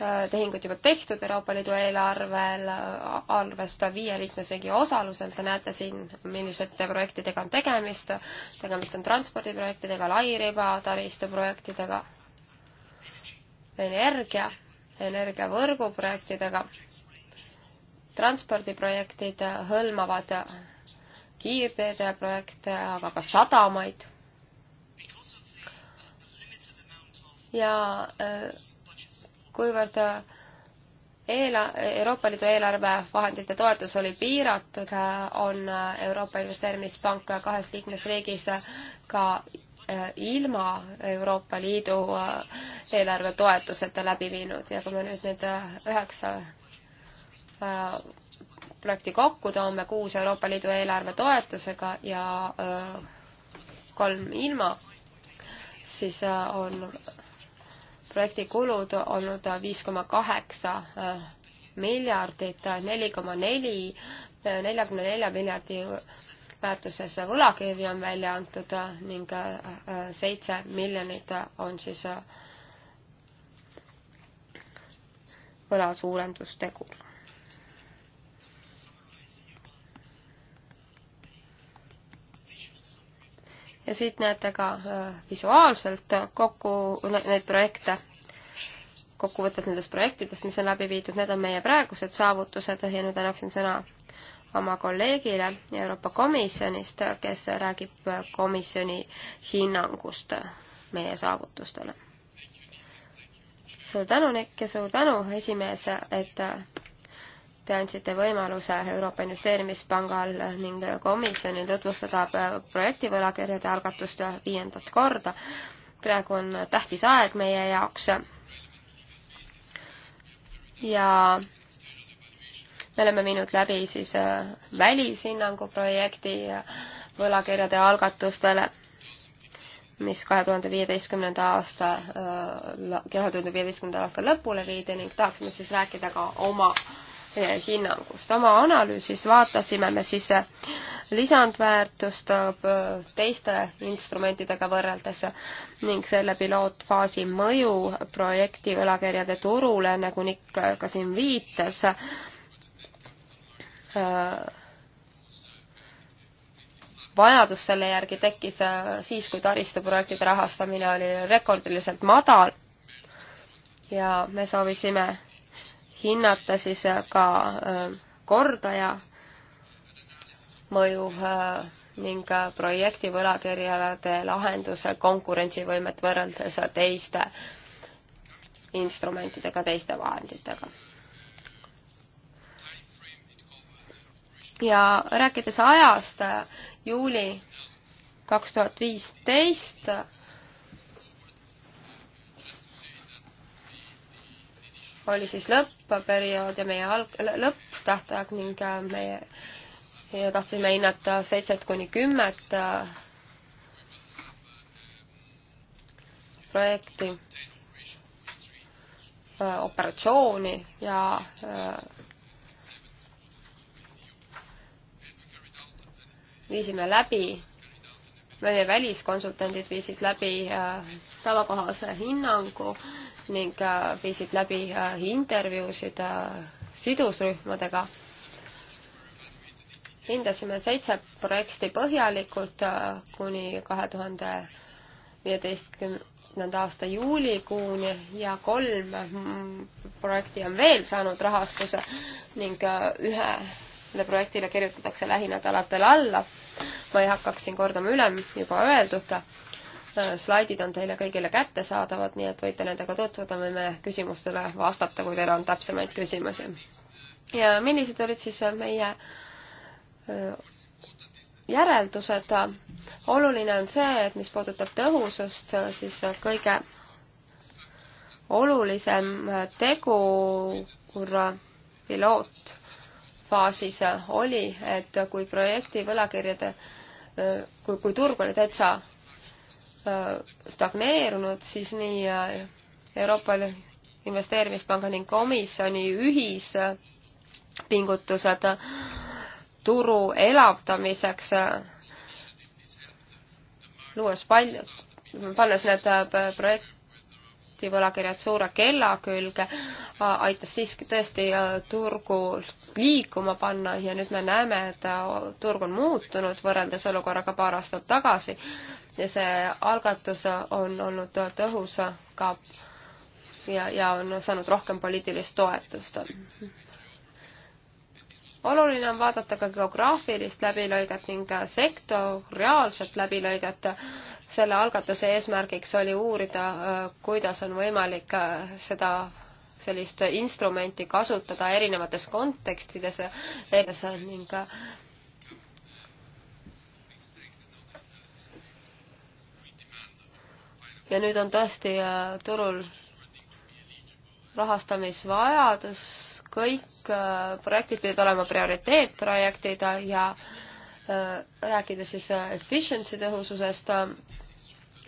Äh, tehingud juba tehtud Euroopa Liidu eelarvel, äh, arvest viie liikmesriigi osalusel, te näete siin, millisete projektidega on tegemist, tegemist on transpordiprojektidega, lairiba, taristuprojektidega, energia, energiavõrguprojektidega. transpordiprojektid hõlmavad kiirteede projekte, aga ka sadamaid. ja äh, kuivõrd äh, eela-, Euroopa Liidu eelarvevahendite toetus oli piiratud, äh, on äh, Euroopa Investeerimispank kahes liikmesriigis ka ilma Euroopa Liidu eelarve toetuseta läbi viinud ja kui me nüüd need üheksa projekti kokku toome, kuus Euroopa Liidu eelarve toetusega ja kolm ilma, siis on projekti kulud olnud viis koma kaheksa äh, miljardit, äh, neli koma neli, äh, neljakümne nelja miljardi väärtuses võlakirju on välja antud ning seitse miljonit on siis võla suurendustegur ja siit näete ka äh, visuaalselt kokku neid projekte, kokkuvõtted nendest projektidest, mis on läbi viidud, need on meie praegused saavutused ja nüüd annaksin sõna oma kolleegile Euroopa Komisjonist, kes räägib komisjoni hinnangust meie saavutustele. suur tänu, Nick, ja suur tänu, esimees, et Te andsite võimaluse Euroopa Investeerimispangal ning komisjonil tutvustada projektivõlakirjade algatust viiendat korda. praegu on tähtis aeg meie jaoks. ja me oleme viinud läbi siis äh, välishinnangu projekti võlakirjade algatustele mis kahe tuhande viieteistkümnenda aasta, äh, kahe tuhande viieteistkümnendal aastal lõpule viidi ning tahaksime siis rääkida ka oma hinnangust. oma analüüsis vaatasime me siis eh, lisandväärtust eh, teiste instrumentidega võrreldes ning selle pilootfaasi mõju projekti võlakirjade turule, nagu Nick ka siin viitas, eh, vajadus selle järgi tekkis siis, kui taristuprojektide rahastamine oli rekordiliselt madal ja me soovisime hinnata siis äh, ka äh, kordaja mõju äh, ning projekti võlakirjade lahenduse konkurentsivõimet võrreldes teiste instrumentidega, teiste vahenditega. ja rääkides ajast, juuli kaks tuhat viisteist oli siis lõppperiood ja meie alg-, lõpptähtaeg ning äh, meie ja tahtsime hinnata seitset kuni kümmet äh, projekti, äh, operatsiooni ja viisime läbi, meie väliskonsultandid viisid läbi tavakohase hinnangu ning äh, viisid läbi äh, intervjuusid äh, sidusrühmadega. hindasime seitse projekti põhjalikult kuni kahe tuhande viieteistkümnenda aasta juulikuuni ja kolm mm, projekti on veel saanud rahastuse ning ühele projektile kirjutatakse lähinädalatel alla. ma ei hakkaks siin kordama üle juba öeldud slaidid on teile kõigile kättesaadavad, nii et võite nendega tutvuda, võime küsimustele vastata, kui teil on täpsemaid küsimusi. ja millised olid siis meie järeldused? oluline on see, et mis puudutab tõhusust, siis kõige olulisem tegur pilootfaasis oli, et kui projekti võlakirjade, kui, kui turg oli täitsa Äh, stagneerunud, siis nii äh, Euroopa Investeerimispanga ning komisjoni ühispingutused turu elavdamiseks, äh, luues palju, pannes need projekti võlakirjad suure kella külge, aitas siiski tõesti turgu liikuma panna ja nüüd me näeme, et turg on muutunud võrreldes olukorraga paar aastat tagasi ja see algatus on olnud tõhus ka ja, ja on saanud rohkem poliitilist toetust. oluline on vaadata ka geograafilist läbilõiget ning sektoriaalset läbilõiget. selle algatuse eesmärgiks oli uurida, kuidas on võimalik seda sellist instrumenti kasutada erinevates kontekstides ning ja nüüd on tõesti äh, turul rahastamisvajadus, kõik äh, projektid pidid olema prioriteetprojektid ja äh, rääkida siis efficiency tõhususest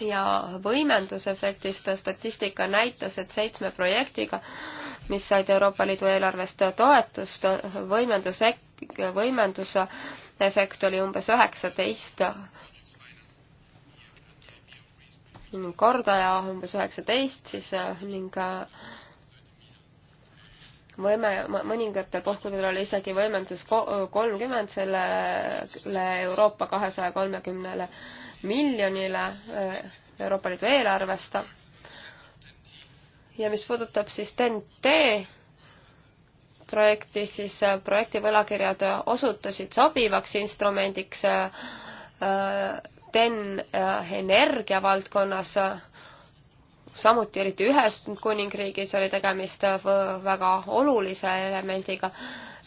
ja võimendusefektist, statistika näitas, et seitsme projektiga, mis said Euroopa Liidu eelarvest toetust, võimendusek-, võimendusefekt oli umbes üheksateist ning kordaja umbes üheksateist siis äh, ning äh, võime, mõningatel puhkudel oli isegi võimendus äh, kolmkümmend sellele Euroopa kahesaja kolmekümnele miljonile Euroopa Liidu eelarvest. ja mis puudutab siis TNT projekti, siis projekti võlakirjad osutusid sobivaks instrumendiks TEN äh, energia valdkonnas, samuti eriti Ühendkuningriigis oli tegemist äh, väga olulise elemendiga,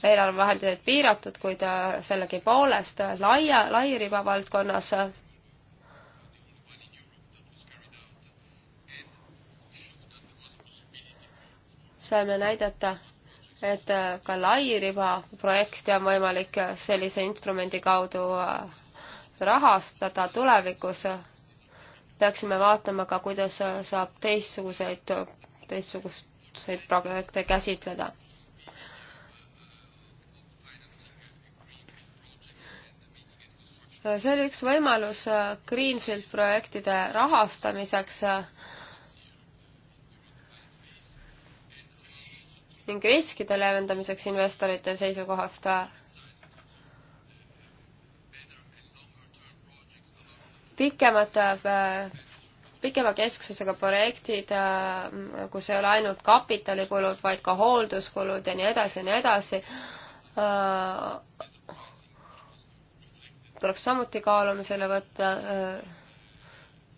eelarvevahendeid piiratud, kuid äh, sellegipoolest laia, lairiba valdkonnas saime näidata, et ka lairiba projekti on võimalik sellise instrumendi kaudu rahastada tulevikus, peaksime vaatama ka, kuidas saab teistsuguseid, teistsuguseid projekte käsitleda. see oli üks võimalus Greenfield projektide rahastamiseks ning riskide leevendamiseks investorite seisukohast pikemad, äh, pikema kesksusega projektid, äh, kus ei ole ainult kapitalikulud, vaid ka hoolduskulud ja nii edasi ja nii edasi, äh, tuleks samuti kaalumisele võtta,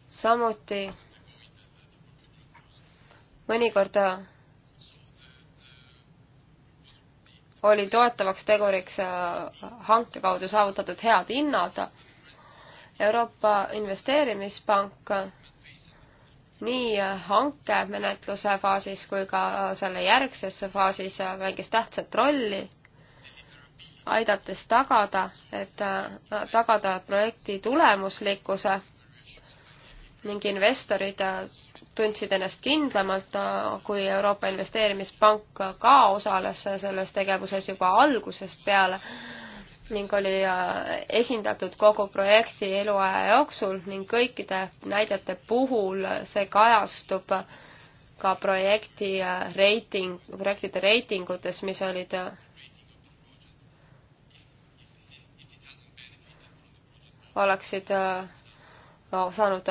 samuti mõnikord oli toetavaks teguriks hanke kaudu saavutatud head hinnad Euroopa Investeerimispank nii hankemenetluse faasis kui ka selle järgses faasis mängis tähtsat rolli, aidates tagada, et tagada projekti tulemuslikkuse ning investorid tundsid ennast kindlamalt, kui Euroopa Investeerimispank ka osales selles tegevuses juba algusest peale ning oli äh, esindatud kogu projekti eluaja jooksul ning kõikide näidete puhul see kajastub ka projekti äh, reiting, projektide reitingutes, mis olid äh, oleksid no, saanud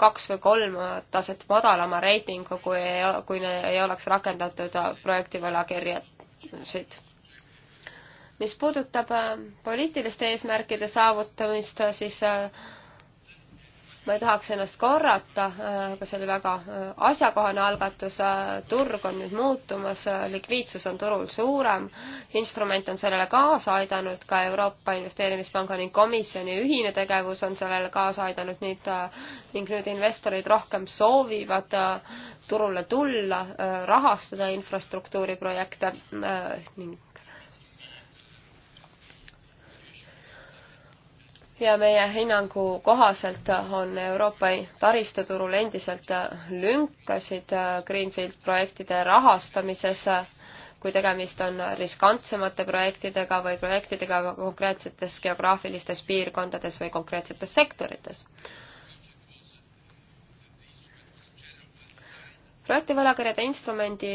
kaks või kolm taset madalama reitingu, kui ei, kui ei oleks rakendatud projekti võlakirjasid mis puudutab äh, poliitiliste eesmärkide saavutamist, äh, siis äh, ma ei tahaks ennast korrata, aga see oli väga asjakohane algatus, turg on nüüd muutumas, likviidsus on turul suurem, instrument on sellele kaasa aidanud, ka Euroopa Investeerimispanga ning komisjoni ühine tegevus on sellele kaasa aidanud, nüüd ning nüüd investorid rohkem soovivad turule tulla, rahastada infrastruktuuriprojekte ning ja meie hinnangu kohaselt on Euroopa taristuturul endiselt lünkasid Greenfield projektide rahastamises, kui tegemist on riskantsemate projektidega või projektidega konkreetsetes geograafilistes piirkondades või konkreetsetes sektorites. projektivõlakirjade instrumendi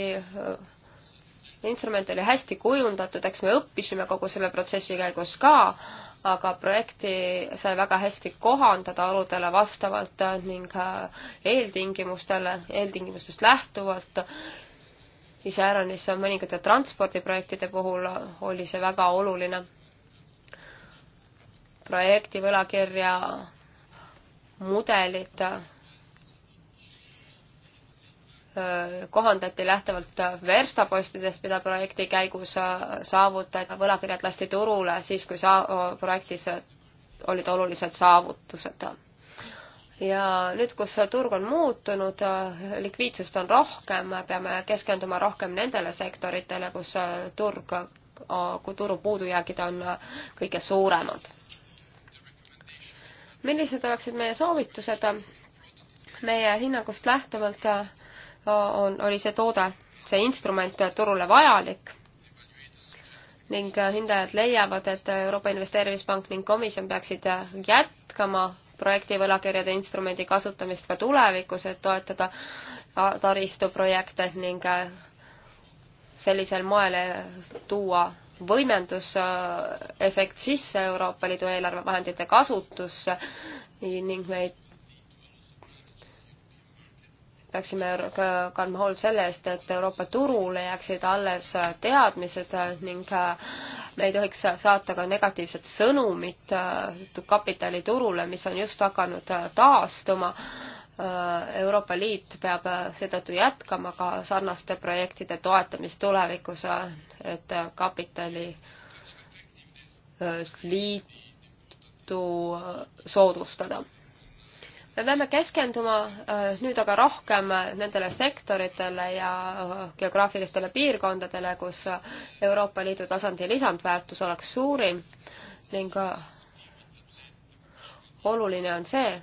instrument oli hästi kujundatud, eks me õppisime kogu selle protsessi käigus ka aga projekti sai väga hästi kohandada oludele vastavalt ning äh, eeltingimustele, eeltingimustest lähtuvalt. iseäranis mõningate transpordiprojektide puhul oli see väga oluline. projekti võlakirja mudelit kohandati lähtuvalt verstapostidest, mida projekti käigus äh, saavutati, võlakirjad lasti turule siis, kui saa-, projektis äh, olid olulised saavutused. ja nüüd, kus turg on muutunud, äh, likviidsust on rohkem, peame keskenduma rohkem nendele sektoritele, kus turg, kui turu puudujäägid on kõige suuremad. millised oleksid meie soovitused? meie hinnangust lähtuvalt on, oli see toode, see instrument turule vajalik ning äh, hindajad leiavad, et Euroopa Investeerimispank ning komisjon peaksid äh, jätkama projekti võlakirjade instrumendi kasutamist ka tulevikus, et toetada äh, taristuprojekte ning sellisel moel tuua võimendusefekt sisse Euroopa Liidu eelarvevahendite kasutusse ning me ei peaksime kandma hoolt selle eest, et Euroopa turule jääksid alles teadmised ning äh, me ei tohiks saata ka negatiivset sõnumit äh, kapitaliturule, mis on just hakanud äh, taastuma. Euroopa Liit peab seetõttu jätkama ka sarnaste projektide toetamist tulevikus, et kapitaliliitu soodustada me peame keskenduma äh, nüüd aga rohkem äh, nendele sektoritele ja äh, geograafilistele piirkondadele, kus Euroopa Liidu tasandi lisandväärtus oleks suurim ning oluline on see,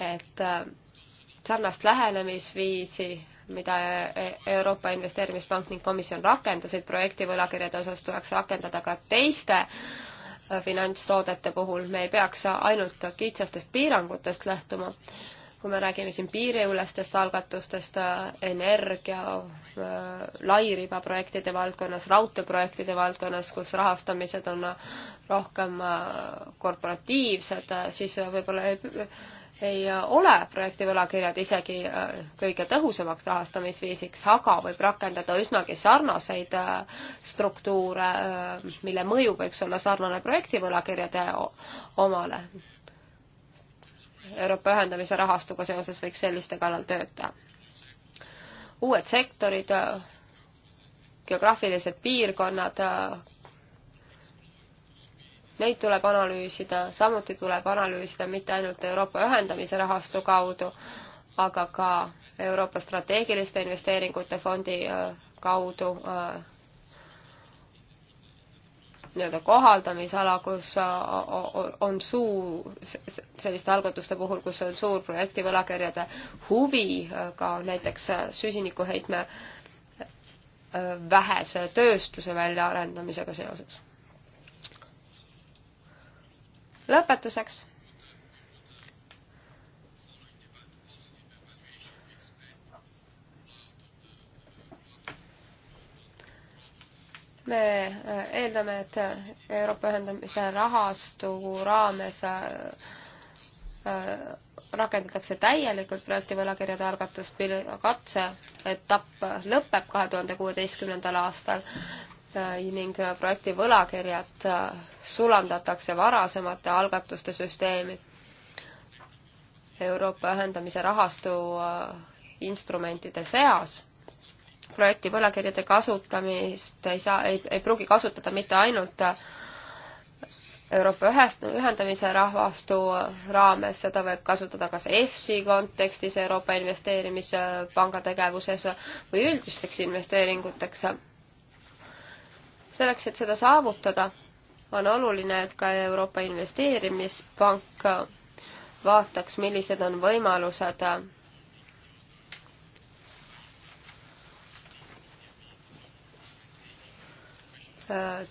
et sarnast lähenemisviisi mida Euroopa Investeerimispank ning komisjon rakendasid projekti võlakirjade osas, tuleks rakendada ka teiste finantstoodete puhul, me ei peaks ainult kitsastest piirangutest lähtuma, kui me räägime siin piiriülestest algatustest, energia, lairibaprojektide valdkonnas, raudteeprojektide valdkonnas, kus rahastamised on rohkem korporatiivsed, siis võib-olla ei ei äh, ole projektivõlakirjad isegi äh, kõige tõhusamaks rahastamisviisiks, aga võib rakendada üsnagi sarnaseid äh, struktuure, mille mõju võiks olla sarnane projektivõlakirjade omale. Euroopa ühendamise rahastuga seoses võiks selliste kallal tööd teha. uued sektorid, geograafilised piirkonnad, neid tuleb analüüsida, samuti tuleb analüüsida mitte ainult Euroopa ühendamise rahastu kaudu, aga ka Euroopa strateegiliste investeeringute fondi äh, kaudu äh, nii-öelda kohaldamisala, kus äh, on suu, selliste algatuste puhul, kus on suur projekti võlakirjade huvi, ka näiteks süsinikuheitme vähese tööstuse väljaarendamisega seoses lõpetuseks me äh, eeldame, et Euroopa ühendamise rahastu raames äh, rakendatakse täielikult projekti võlakirjade algatust, mille katse etapp lõpeb kahe tuhande kuueteistkümnendal aastal Äh, ning projekti võlakirjad äh, sulandatakse varasemate algatuste süsteemi. Euroopa ühendamise rahastu äh, instrumentide seas projekti võlakirjade kasutamist ei saa, ei, ei pruugi kasutada mitte ainult Euroopa ühest, ühendamise rahvastu raames, seda võib kasutada kas EFSI kontekstis, Euroopa Investeerimispanga tegevuses või üldisteks investeeringuteks selleks, et seda saavutada, on oluline, et ka Euroopa Investeerimispank vaataks, millised on võimalused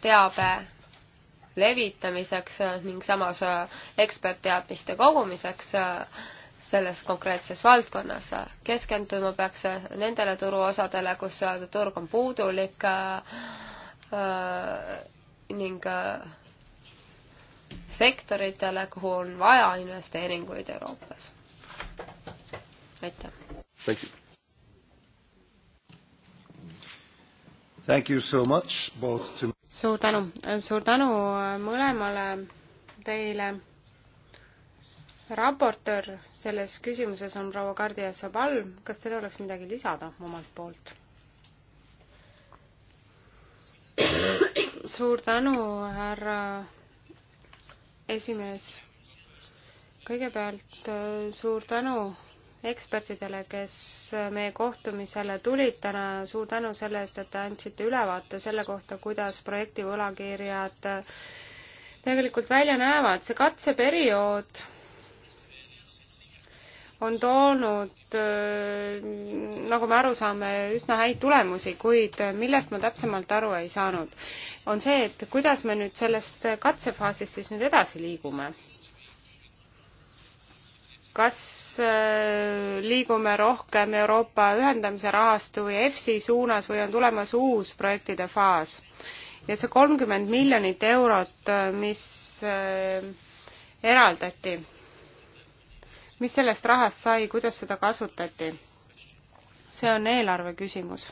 teabe levitamiseks ning samas ekspertteadmiste kogumiseks selles konkreetses valdkonnas. keskenduma peaks nendele turuosadele, kus turg on puudulik, Äh, ning äh, sektoritele, kuhu on vaja investeeringuid Euroopas. aitäh! Thank you. Thank you so much both to suur tänu, suur tänu mõlemale teile. raportöör selles küsimuses on proua Kardia Sabal, kas teil oleks midagi lisada omalt poolt? suur tänu, härra esimees. kõigepealt äh, suur tänu ekspertidele, kes äh, meie kohtumisele tulid täna, suur tänu selle eest, et te andsite ülevaate selle kohta, kuidas projekti võlakirjad äh, tegelikult välja näevad. see katseperiood on toonud, äh, nagu me aru saame, üsna häid tulemusi, kuid millest ma täpsemalt aru ei saanud, on see, et kuidas me nüüd sellest katsefaasist siis nüüd edasi liigume. kas äh, liigume rohkem Euroopa ühendamise rahastu ja EFSI suunas või on tulemas uus projektide faas? ja see kolmkümmend miljonit eurot, äh, mis eraldati mis sellest rahast sai, kuidas seda kasutati? see on eelarve küsimus.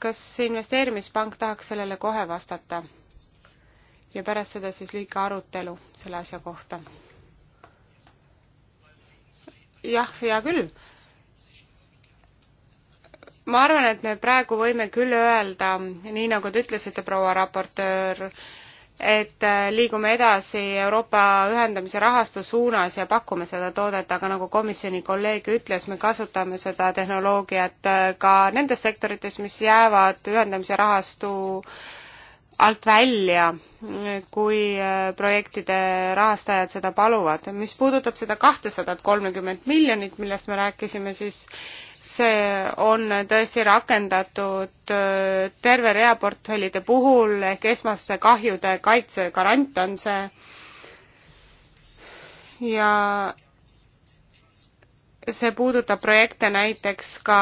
kas investeerimispank tahaks sellele kohe vastata? ja pärast seda siis lühike arutelu selle asja kohta. jah, hea küll. ma arvan, et me praegu võime küll öelda, nii nagu te ütlesite, proua raportöör, et äh, liigume edasi Euroopa ühendamise rahastu suunas ja pakume seda toodet, aga nagu komisjoni kolleeg ütles, me kasutame seda tehnoloogiat äh, ka nendes sektorites, mis jäävad ühendamise rahastu äh, alt välja, kui äh, projektide rahastajad seda paluvad. mis puudutab seda kahtesadat kolmekümmet miljonit, millest me rääkisime, siis see on tõesti rakendatud äh, terve rea portfellide puhul ehk esmaste kahjude kaitsegarant on see ja see puudutab projekte näiteks ka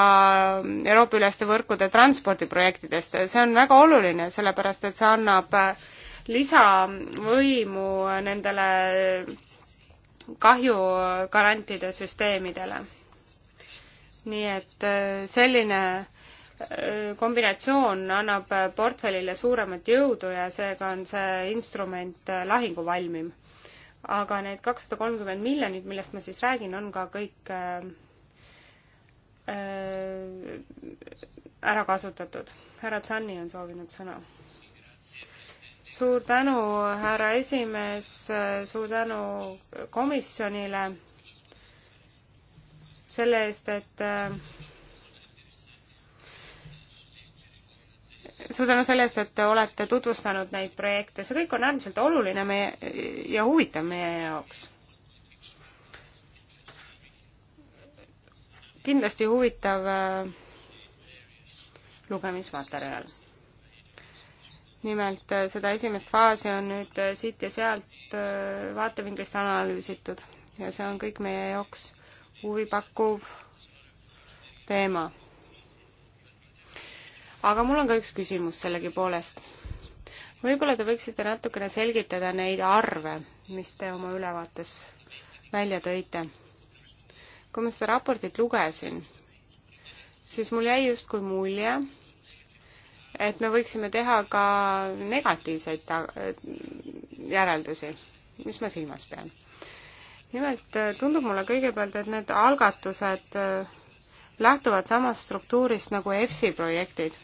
Euroopa-üleste võrkude transpordiprojektidest. see on väga oluline, sellepärast et see annab lisavõimu nendele kahjugarantide süsteemidele. nii et äh, selline äh, kombinatsioon annab portfellile suuremat jõudu ja seega on see instrument äh, lahinguvalmim aga need kakssada kolmkümmend miljonit, millest ma siis räägin, on ka kõik äh, äh, ära kasutatud. härra Tsanni on soovinud sõna. suur tänu, härra esimees, suur tänu komisjonile selle eest, et äh, suur tänu selle eest, et te olete tutvustanud neid projekte, see kõik on äärmiselt oluline meie ja huvitav meie jaoks. kindlasti huvitav äh, lugemismaterjal. nimelt äh, seda esimest faasi on nüüd äh, siit ja sealt vaatevinklist analüüsitud ja see on kõik meie jaoks huvipakkuv teema aga mul on ka üks küsimus sellegipoolest. võib-olla te võiksite natukene selgitada neid arve, mis te oma ülevaates välja tõite. kui ma seda raportit lugesin, siis mul jäi justkui mulje, et me võiksime teha ka negatiivseid ta-, järeldusi. mis ma silmas pean? nimelt tundub mulle kõigepealt, et need algatused äh, lähtuvad samast struktuurist nagu EFSI projektid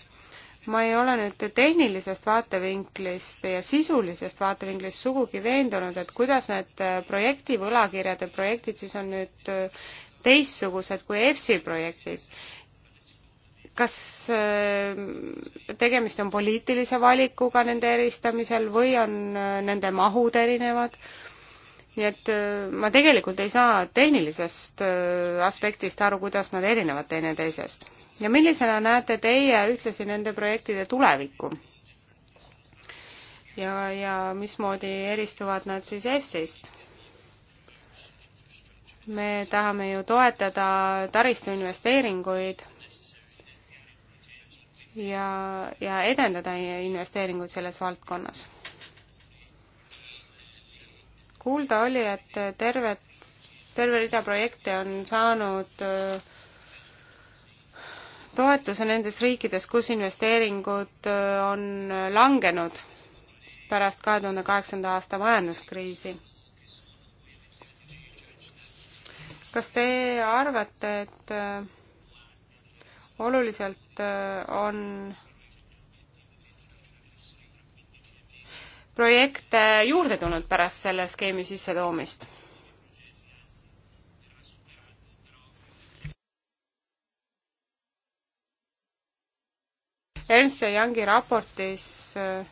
ma ei ole nüüd tehnilisest vaatevinklist ja sisulisest vaatevinklist sugugi veendunud, et kuidas need äh, projekti võlakirjade projektid siis on nüüd äh, teistsugused kui EFSI projektid. kas äh, tegemist on poliitilise valikuga nende eristamisel või on nende mahud erinevad? nii et ma tegelikult ei saa tehnilisest aspektist aru, kuidas nad erinevad teineteisest ja millisena näete teie ühtlasi nende projektide tulevikku? ja, ja mismoodi eristuvad nad siis EFSist? me tahame ju toetada taristuinvesteeringuid ja, ja edendada investeeringuid selles valdkonnas. kuulda oli, et terved, terve rida projekte on saanud äh, toetuse nendes riikides, kus investeeringud äh, on äh, langenud pärast kahe tuhande kaheksanda aasta majanduskriisi. kas te arvate, et äh, oluliselt on projekte juurde tulnud pärast selle skeemi sissetoomist? Ernst ja Youngi raportis äh,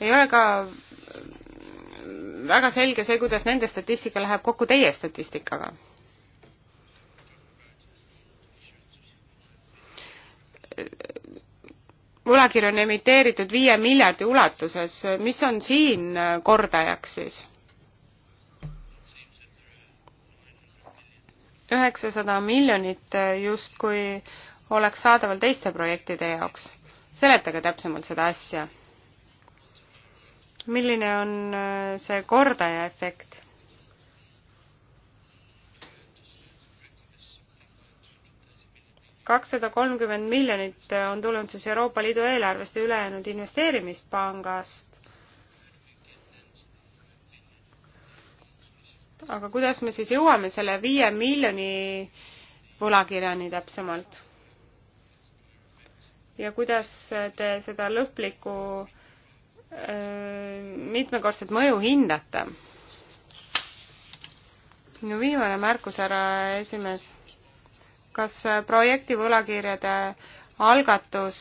ei ole ka äh, väga selge see, kuidas nende statistika läheb kokku teie statistikaga. võlakirju on emiteeritud viie miljardi ulatuses, mis on siin äh, kordajaks siis? üheksasada miljonit justkui oleks saadaval teiste projektide jaoks. seletage täpsemalt seda asja. milline on äh, see kordaja efekt? kakssada kolmkümmend miljonit äh, on tulnud siis Euroopa Liidu eelarvest ja ülejäänud investeerimispangast. aga kuidas me siis jõuame selle viie miljoni võlakirjani täpsemalt? ja kuidas te seda lõplikku mitmekordset mõju hindate? minu viimane märkus, härra esimees. kas projekti võlakirjade algatus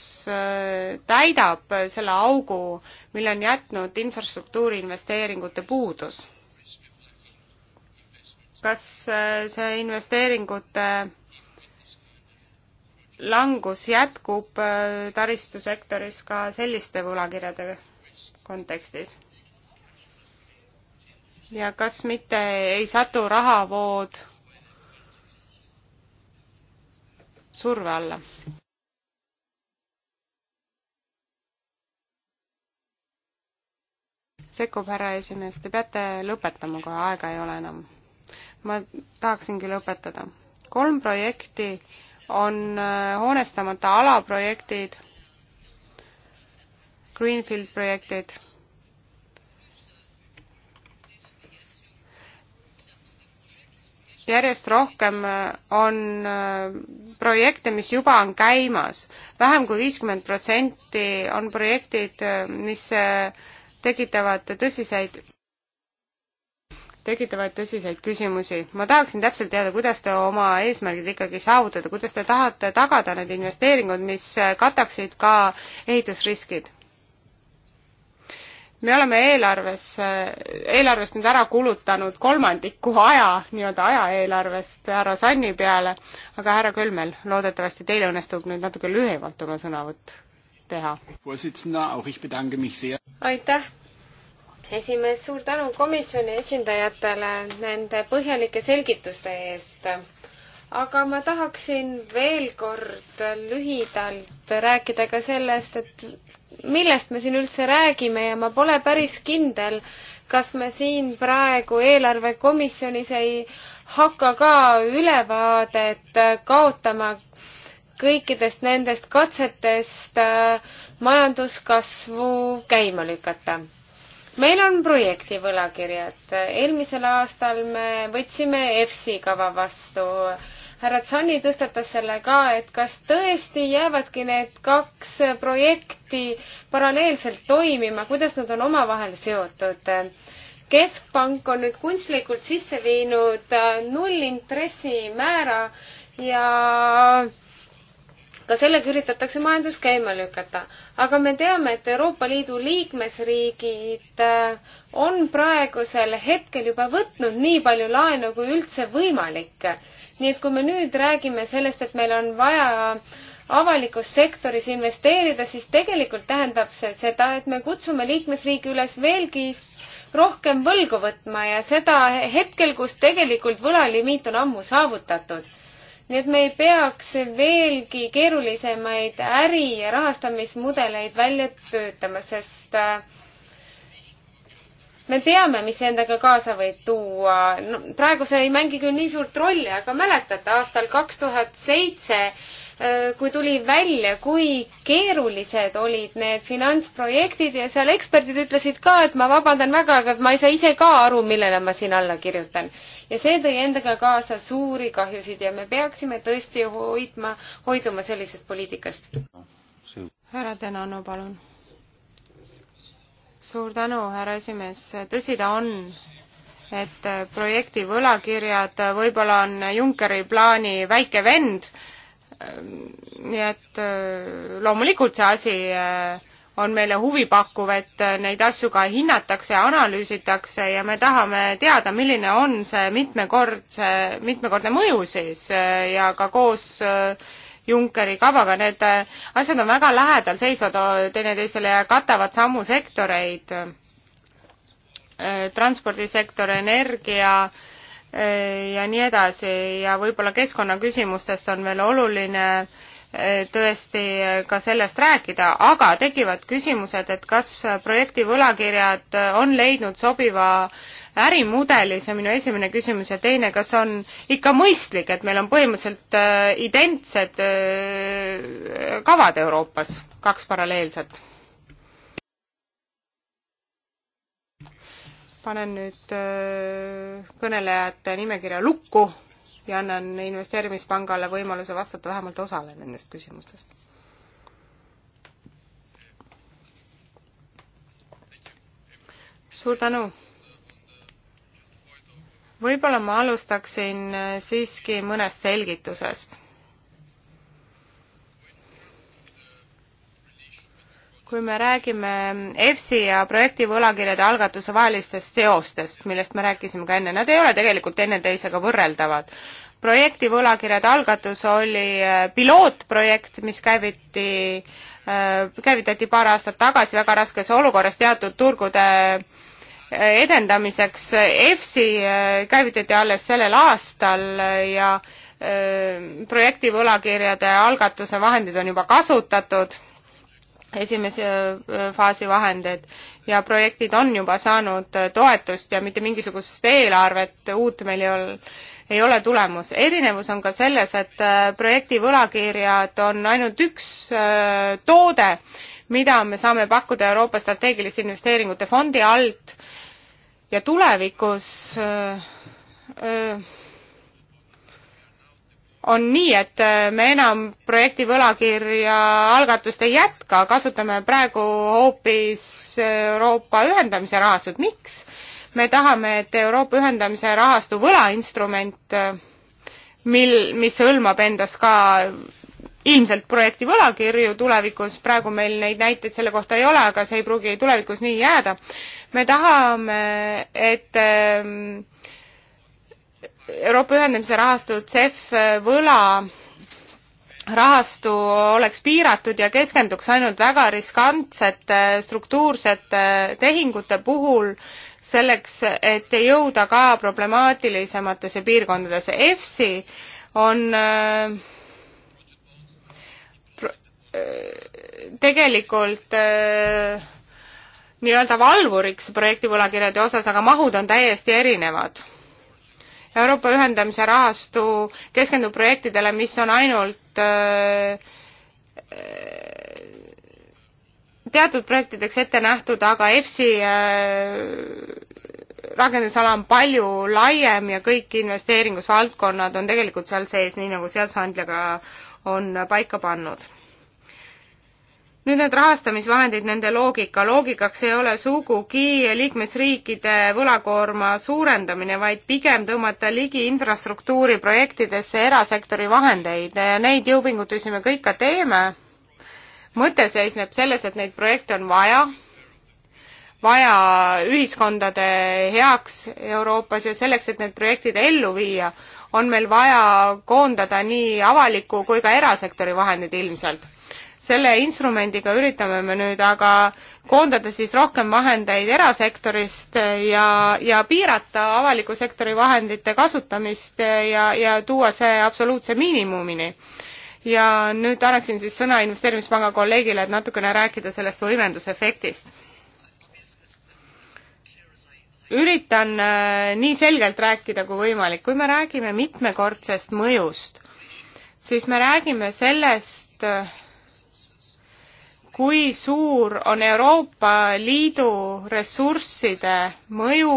täidab selle augu, mille on jätnud infrastruktuuri investeeringute puudus? kas see investeeringute langus jätkub äh, taristusektoris ka selliste võlakirjade kontekstis? ja kas mitte ei satu rahavood surve alla? sekkub härra esimees, te peate lõpetama, kohe aega ei ole enam. ma tahaksingi lõpetada. kolm projekti on hoonestamata äh, alaprojektid, Greenfield projektid. järjest rohkem äh, on äh, projekte, mis juba on käimas. vähem kui viiskümmend protsenti on projektid, mis tekitavad tõsiseid tekitavad tõsiseid küsimusi. ma tahaksin täpselt teada, kuidas te oma eesmärgid ikkagi saavutate, kuidas te tahate tagada need investeeringud, mis kataksid ka ehitusriskid? me oleme eelarves, eelarvest nüüd ära kulutanud kolmandiku aja, nii-öelda ajaeelarvest härra Sanni peale, aga härra Kölmel, loodetavasti teil õnnestub nüüd natuke lühemalt oma sõnavõtt teha. aitäh esimees, suur tänu komisjoni esindajatele nende põhjalike selgituste eest. aga ma tahaksin veel kord lühidalt rääkida ka sellest, et millest me siin üldse räägime ja ma pole päris kindel, kas me siin praegu eelarvekomisjonis ei hakka ka ülevaadet kaotama kõikidest nendest katsetest äh, majanduskasvu käima lükata meil on projekti võlakirjad. eelmisel aastal me võtsime EFSI kava vastu. härra Tsani tõstatas selle ka, et kas tõesti jäävadki need kaks projekti paralleelselt toimima, kuidas nad on omavahel seotud? keskpank on nüüd kunstlikult sisse viinud nullintressimäärad ja ka sellega üritatakse majandus käima lükata. aga me teame, et Euroopa Liidu liikmesriigid äh, on praegusel hetkel juba võtnud nii palju laenu kui üldse võimalik. nii et kui me nüüd räägime sellest, et meil on vaja avalikus sektoris investeerida, siis tegelikult tähendab see seda, et me kutsume liikmesriigi üles veelgi rohkem võlgu võtma ja seda hetkel, kus tegelikult võlalimiit on ammu saavutatud nii et me ei peaks veelgi keerulisemaid äri- ja rahastamismudeleid välja töötama, sest äh, me teame, mis endaga kaasa võib tuua no,. praegu see ei mängi küll nii suurt rolli, aga mäletate aastal kaks tuhat seitse äh, kui tuli välja, kui keerulised olid need finantsprojektid ja seal eksperdid ütlesid ka, et ma vabandan väga, aga ma ei saa ise ka aru, millele ma siin alla kirjutan ja see tõi endaga kaasa suuri kahjusid ja me peaksime tõesti hoidma, hoiduma sellisest poliitikast. härra Denano, palun. suur tänu, härra esimees, tõsi ta on, et projekti võlakirjad võib-olla on Junckeri plaani väike vend, nii et äh, loomulikult see asi äh, on meile huvipakkuv, et äh, neid asju ka hinnatakse, analüüsitakse ja me tahame teada, milline on see mitmekordse, mitmekordne mõju siis äh, ja ka koos äh, Junckeri kavaga, need asjad on väga lähedal, seisvad teineteisele ja katavad samu sektoreid, transpordisektor, energia ja nii edasi ja võib-olla keskkonnaküsimustest on veel oluline äh, tõesti ka sellest rääkida, aga tekivad küsimused, et kas projekti võlakirjad on leidnud sobiva ärimudeli, see on minu esimene küsimus, ja teine, kas on ikka mõistlik, et meil on põhimõtteliselt äh, identsed äh, kavad Euroopas, kaks paralleelset? panen nüüd äh, kõnelejate nimekirja lukku ja annan investeerimispangale võimaluse vastata vähemalt osale nendest küsimustest. suur tänu! võib-olla ma alustaksin siiski mõnest selgitusest kui me räägime EFSI ja projekti võlakirjade algatuse vahelistest seostest, millest me rääkisime ka enne, nad ei ole tegelikult teineteisega võrreldavad. projekti võlakirjade algatus oli äh, pilootprojekt, mis käiviti, äh, käivitati paar aastat tagasi väga raskes olukorras teatud turgude äh, edendamiseks. EFSI käivitati alles sellel aastal ja projekti võlakirjade algatuse vahendid on juba kasutatud esimese äh, faasi vahendid ja projektid on juba saanud äh, toetust ja mitte mingisugust eelarvet uut meil ei ole, ei ole tulemus. erinevus on ka selles, et äh, projekti võlakirjad on ainult üks toode, mida me saame pakkuda Euroopa strateegiliste investeeringute fondi alt ja tulevikus öö, öö, on nii, et äh, me enam projekti võlakirja algatust ei jätka, kasutame praegu hoopis äh, Euroopa ühendamise rahastut, miks? me tahame, et Euroopa ühendamise rahastu võlainstrument, äh, mil, mis hõlmab endas ka ilmselt projekti võlakirju tulevikus, praegu meil neid näiteid selle kohta ei ole, aga see ei pruugi tulevikus nii jääda. me tahame, et ähm, Euroopa ühendamise rahastu CEF võla rahastu oleks piiratud ja keskenduks ainult väga riskantsete struktuursete tehingute puhul selleks, et jõuda ka problemaatilisematesse piirkondadesse. EFSI on äh, äh, tegelikult äh, nii-öelda valvuriks projekti võlakirjade osas, aga mahud on täiesti erinevad Euroopa ühendamise rahastu keskendub projektidele, mis on ainult äh, teatud projektideks ette nähtud, aga EFSI äh, rakendusala on palju laiem ja kõik investeeringusvaldkonnad on tegelikult seal sees, nii nagu seadusandja ka on paika pannud nüüd need rahastamisvahendid, nende loogika. loogikaks ei ole sugugi liikmesriikide võlakoorma suurendamine, vaid pigem tõmmata ligi infrastruktuuriprojektidesse erasektori vahendeid. Neid jõupingutusi me kõik ka teeme. mõte seisneb selles, et neid projekte on vaja, vaja ühiskondade heaks Euroopas ja selleks, et need projektid ellu viia, on meil vaja koondada nii avaliku kui ka erasektori vahendid ilmselt selle instrumendiga üritame me nüüd aga koondada siis rohkem vahendeid erasektorist ja, ja piirata avaliku sektori vahendite kasutamist ja, ja tuua see absoluutse miinimumini. ja nüüd annaksin siis sõna investeerimispanga kolleegile, et natukene rääkida sellest võimendusefektist üritan äh, nii selgelt rääkida kui võimalik. kui me räägime mitmekordsest mõjust, siis me räägime sellest, äh, kui suur on Euroopa Liidu ressursside mõju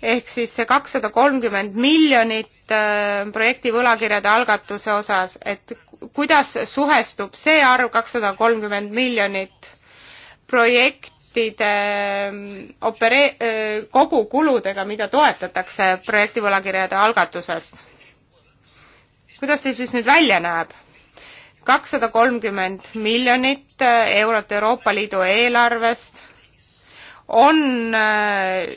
ehk siis see kakssada kolmkümmend miljonit äh, projekti võlakirjade algatuse osas, et kuidas suhestub see arv, kakssada kolmkümmend miljonit projektide ähm, opere-, äh, kogukuludega, mida toetatakse projekti võlakirjade algatusest? kuidas see siis nüüd välja näeb? kakssada kolmkümmend miljonit eh, eurot Euroopa Liidu eelarvest on eh,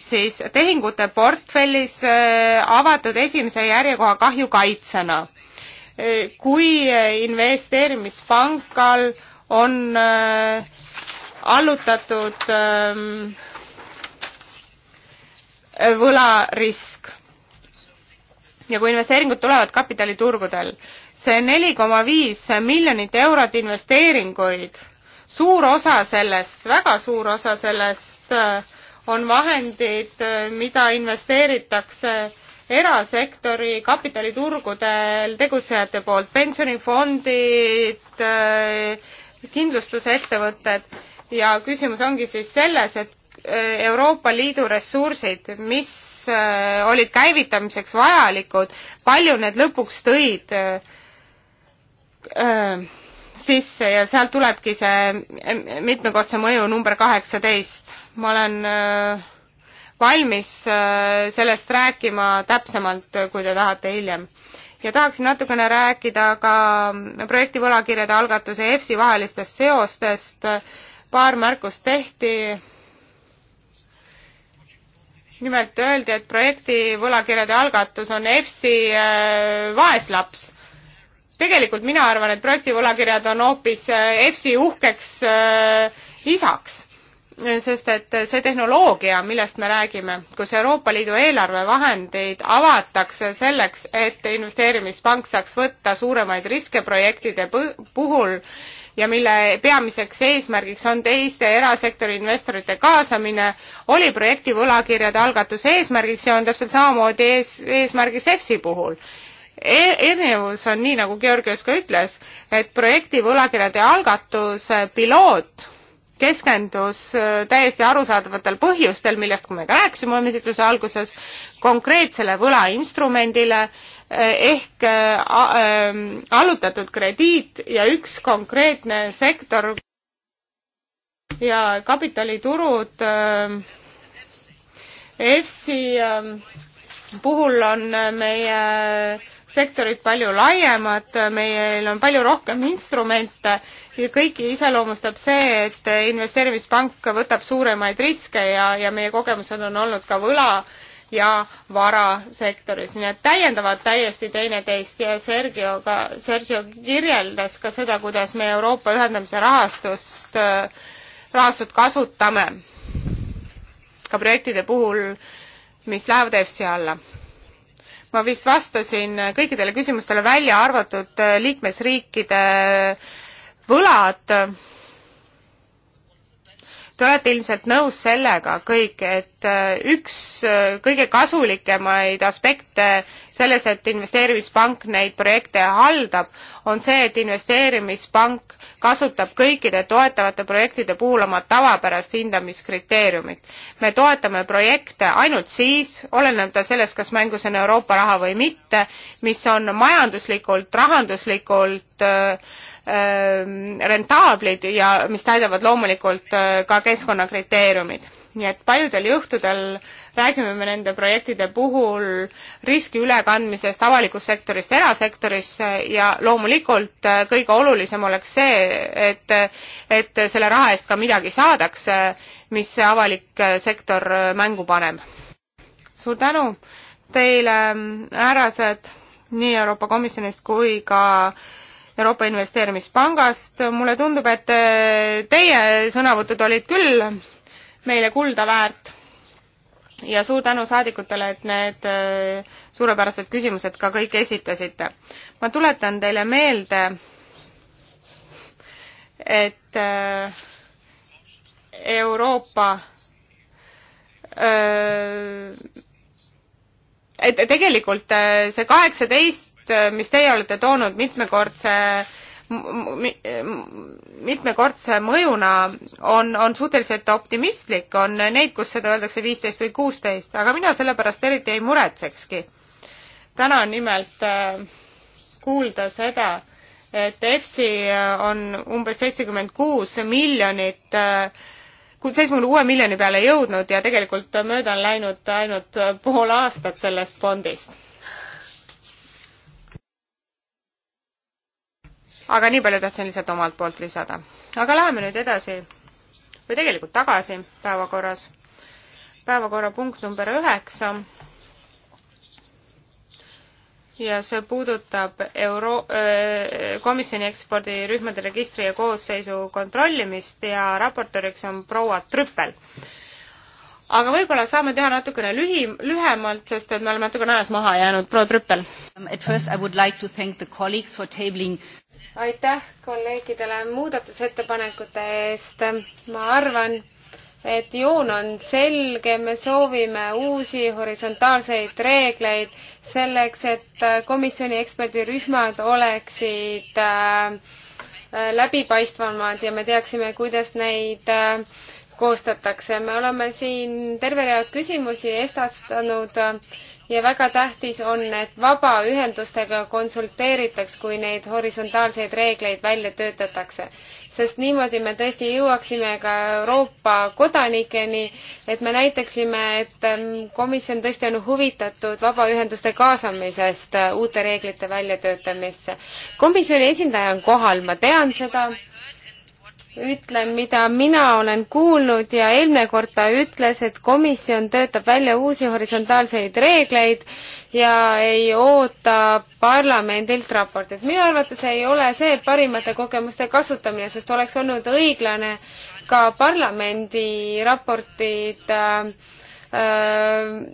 siis tehingute portfellis eh, avatud esimese järjekoha kahju kaitsena. kui investeerimispankal on allutatud võlarisk ja kui investeeringud tulevad kapitaliturgudel see neli koma viis miljonit eurot investeeringuid, suur osa sellest, väga suur osa sellest äh, on vahendid, äh, mida investeeritakse erasektori kapitaliturgudel tegutsejate poolt, pensionifondid, äh, kindlustusettevõtted ja küsimus ongi siis selles, et Euroopa Liidu ressursid, mis olid käivitamiseks vajalikud, palju need lõpuks tõid öö, äh, sisse ja sealt tulebki see mitmekordse mõju number kaheksateist. ma olen öö, äh, valmis öö, äh, sellest rääkima täpsemalt, kui te tahate hiljem. ja tahaksin natukene rääkida ka projekti võlakirjade algatuse ja EFSI vahelistest seostest. paar märkust tehti nimelt öeldi, et projekti võlakirjade algatus on EFSI vaeslaps tegelikult mina arvan, et projektivõlakirjad on hoopis äh, EFSI uhkeks lisaks, äh, sest et see tehnoloogia, millest me räägime, kus Euroopa Liidu eelarvevahendeid avatakse selleks, et investeerimispank saaks võtta suuremaid riske projektide puhul ja mille peamiseks eesmärgiks on teiste erasektori investorite kaasamine, oli projekti võlakirjade algatuse eesmärgiks ja on täpselt samamoodi ees, eesmärgiks EFSI puhul E-, erinevus on nii, nagu Georgios ka ütles, et projekti võlakirjade algatuse äh, piloot keskendus äh, täiesti arusaadavatel põhjustel, millest me ka rääkisime oma esitluse alguses, konkreetsele võlainstrumendile äh, ehk allutatud krediit ja üks konkreetne sektor ja kapitaliturud EFSi puhul on meie sektorid palju laiemad, meil on palju rohkem instrumente ja kõiki iseloomustab see, et investeerimispank võtab suuremaid riske ja, ja meie kogemused on olnud ka võla ja varasektoris, nii et täiendavad täiesti teineteist ja Sergio ka, Sergio kirjeldas ka seda, kuidas me Euroopa ühendamise rahastust, rahastut kasutame ka projektide puhul, mis lähevad EFSI alla ma vist vastasin kõikidele küsimustele välja arvatud äh, liikmesriikide äh, võlad Te olete ilmselt nõus sellega kõik, et äh, üks äh, kõige kasulikemaid aspekte selles, et investeerimispank neid projekte haldab, on see, et investeerimispank kasutab kõikide toetavate projektide puhul oma tavapärast hindamiskriteeriumit. me toetame projekte ainult siis, oleneb ta sellest, kas mängus on Euroopa raha või mitte, mis on majanduslikult, rahanduslikult äh, Ähm, rentaablid ja mis täidavad loomulikult äh, ka keskkonnakriteeriumid. nii et paljudel juhtudel räägime me nende projektide puhul riski ülekandmisest avalikust sektorist erasektorisse äh, ja loomulikult äh, kõige olulisem oleks see, et, et selle raha eest ka midagi saadakse, mis avalik sektor mängu paneb. suur tänu teile, härrased, nii Euroopa Komisjonist kui ka äh, Euroopa Investeerimispangast. mulle tundub, et eh, teie sõnavõtud olid küll meile kulda väärt ja suur tänu saadikutele, et need eh, suurepärased küsimused ka kõik esitasite. ma tuletan teile meelde, et eh, Euroopa et tegelikult see kaheksateist just, äh, mis teie olete toonud mitmekordse mitmekordse mõjuna on, on suhteliselt optimistlik, on neid, kus seda öeldakse viisteist või kuusteist, aga mina selle pärast eriti ei muretsekski. täna on nimelt äh, kuulda seda, et EFSI äh, on umbes seitsekümmend kuus miljonit seitsmekümne kuue miljoni peale jõudnud ja tegelikult mööda on läinud ainult pool aastat sellest fondist aga nii palju tahtsin lihtsalt omalt poolt lisada. aga läheme nüüd edasi või tegelikult tagasi päevakorras. päevakorrapunkt number üheksa. ja see puudutab euro-, äh, komisjoni ekspordirühmade registri ja koosseisu kontrollimist ja raportööriks on proua Trüppel aga võib-olla saame teha natukene lühi, lühemalt, sest et me oleme natukene ajas maha jäänud. proua Trüppel. Um, at first I would like to thank the colleagues for tabling aitäh kolleegidele muudatusettepanekute eest. ma arvan, et joon on selge, me soovime uusi horisontaalseid reegleid selleks, et komisjoni eksperdirühmad oleksid äh, läbipaistvamad ja me teaksime, kuidas neid äh, koostatakse. me oleme siin terve rea küsimusi estastanud ja väga tähtis on, et vabaühendustega konsulteeritaks, kui neid horisontaalseid reegleid välja töötatakse. sest niimoodi me tõesti jõuaksime ka Euroopa kodanikeni, et me näitaksime, et ähm, komisjon tõesti on huvitatud vabaühenduste kaasamisest äh, uute reeglite väljatöötamisse. komisjoni esindaja on kohal, ma tean seda ütlen, mida mina olen kuulnud ja eelmine kord ta ütles, et komisjon töötab välja uusi horisontaalseid reegleid ja ei oota parlamendilt raportit. minu arvates ei ole see parimate kogemuste kasutamine, sest oleks olnud õiglane ka parlamendi raportid äh, Äh,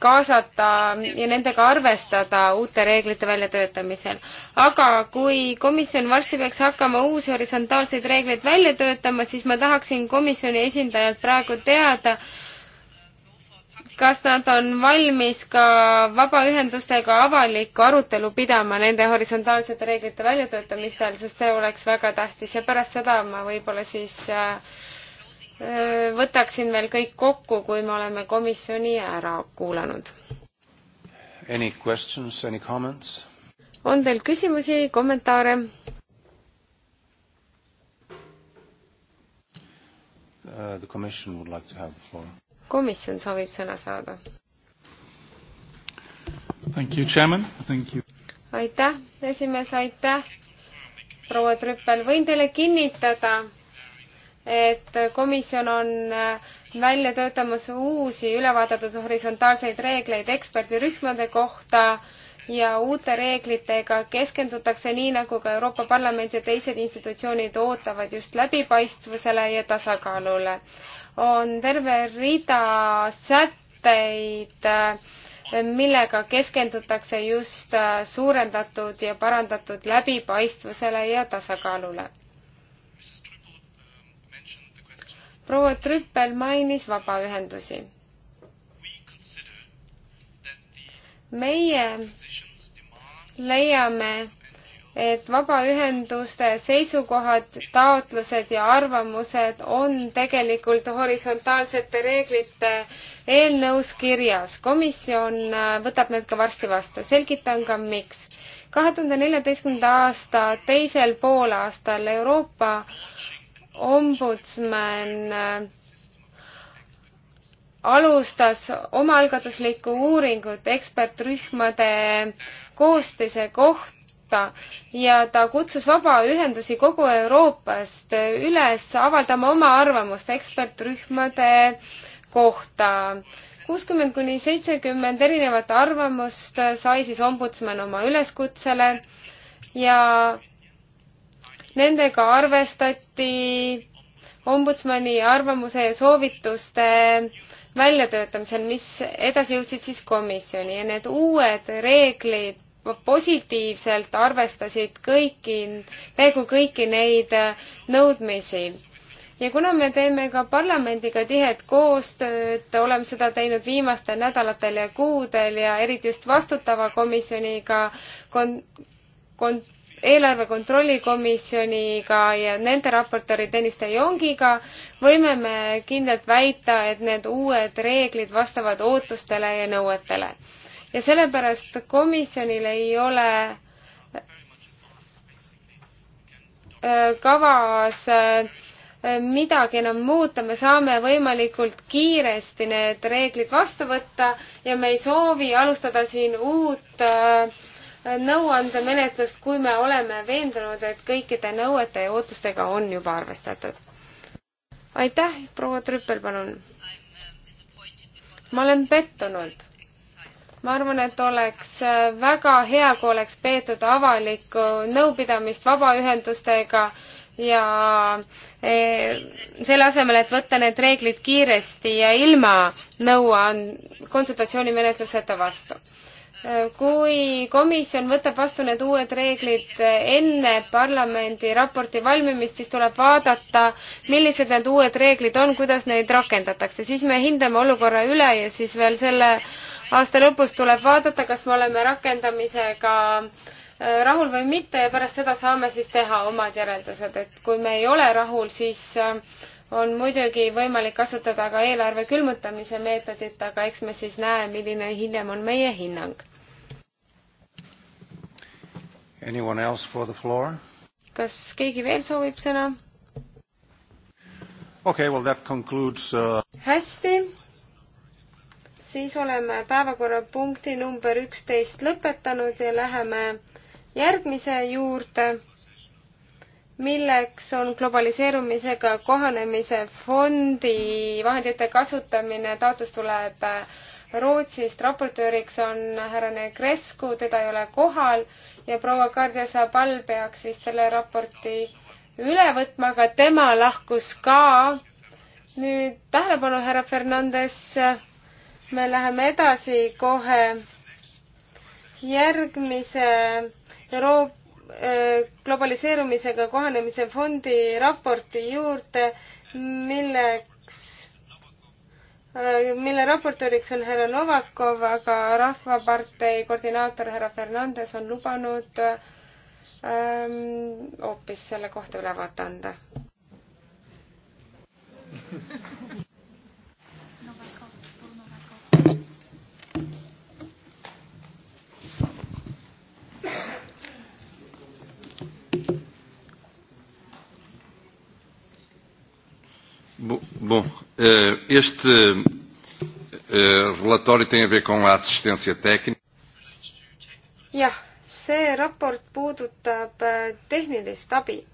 kaasata ja nendega arvestada uute reeglite väljatöötamisel. aga kui komisjon varsti peaks hakkama uusi horisontaalseid reegleid välja töötama, siis ma tahaksin komisjoni esindajalt praegu teada, kas nad on valmis ka vabaühendustega avalikku arutelu pidama nende horisontaalsete reeglite väljatöötamisel, sest see oleks väga tähtis ja pärast seda ma võib-olla siis äh, Äh, võtaksin veel kõik kokku, kui me oleme komisjoni ära kuulanud. Any questions, any comments? on teil küsimusi, kommentaare? Uh, the commission would like to have the floor. komisjon soovib sõna saada. Thank you, chairman, thank you. aitäh, esimees, aitäh, proua Trüppel, võin teile kinnitada, et komisjon on äh, välja töötamas uusi ülevaadatud horisontaalseid reegleid eksperdirühmade kohta ja uute reeglitega keskendutakse nii, nagu ka Euroopa Parlament ja teised institutsioonid ootavad just läbipaistvusele ja tasakaalule. on terve rida sätteid äh, millega keskendutakse just äh, suurendatud ja parandatud läbipaistvusele ja tasakaalule. proua Trüppel mainis vabaühendusi. meie leiame, et vabaühenduste seisukohad, taotlused ja arvamused on tegelikult horisontaalsete reeglite eelnõus kirjas. komisjon äh, võtab need ka varsti vastu. selgitan ka, miks. kahe tuhande neljateistkümnenda aasta teisel poolaastal Euroopa ombudsman äh, alustas omaalgatuslikku uuringut ekspertrühmade koostise kohta ja ta kutsus vabaühendusi kogu Euroopast üles avaldama oma arvamust ekspertrühmade kohta. kuuskümmend kuni seitsekümmend erinevat arvamust sai siis ombudsman oma üleskutsele ja Nendega arvestati ombudsmani arvamuse ja soovituste väljatöötamisel, mis edasi jõudsid siis komisjoni ja need uued reeglid positiivselt arvestasid kõiki, peaaegu kõiki neid nõudmisi. ja kuna me teeme ka parlamendiga tihet koostööd, oleme seda teinud viimastel nädalatel ja kuudel ja eriti just vastutava komisjoniga kon-, kon-, eelarve kontrollikomisjoniga ja nende raportööri Tõnis De Jongiga võime me kindlalt väita, et need uued reeglid vastavad ootustele ja nõuetele. ja sellepärast komisjonil ei ole äh, kavas äh, midagi enam muuta, me saame võimalikult kiiresti need reeglid vastu võtta ja me ei soovi alustada siin uut äh, nõuandemenetlust, kui me oleme veendunud, et kõikide nõuete ja ootustega on juba arvestatud. aitäh, proua Trüppel, palun. ma olen pettunud. ma arvan, et oleks väga hea, kui oleks peetud avalikku nõupidamist vabaühendustega ja e, selle asemel, et võtta need reeglid kiiresti ja ilma nõuand-, konsultatsioonimenetluseta vastu kui komisjon võtab vastu need uued reeglid enne parlamendi raporti valmimist, siis tuleb vaadata, millised need uued reeglid on, kuidas neid rakendatakse, siis me hindame olukorra üle ja siis veel selle aasta lõpus tuleb vaadata, kas me oleme rakendamisega äh, rahul või mitte ja pärast seda saame siis teha omad järeldused, et kui me ei ole rahul, siis äh, on muidugi võimalik kasutada ka eelarve külmutamise meetodit, aga eks me siis näe, milline hiljem on meie hinnang Anyone else for the floor? kas keegi veel soovib sõna? okei okay,, well that concludes uh.... hästi, siis oleme päevakorrapunkti number üksteist lõpetanud ja läheme järgmise juurde, milleks on globaliseerumisega kohanemise fondi vahendite kasutamine, taotlus tuleb Rootsist. raportööriks on härra Negrescu, teda ei ole kohal ja proua Kardia Sabal peaks vist selle raporti üle võtma, aga tema lahkus ka. nüüd tähelepanu, härra Fernandes. me läheme edasi kohe järgmise Euroopa äh, globaliseerumisega kohanemise fondi raporti juurde, mille Äh, mille raportööriks on härra Novakov, aga Rahvapartei koordinaator härra Fernandes on lubanud ähm, hoopis ähm, selle kohta ülevaate anda Bom, eh, este eh, relatório tem a ver com a assistência técnica. jah, see raport puudutab eh, tehnilist abi,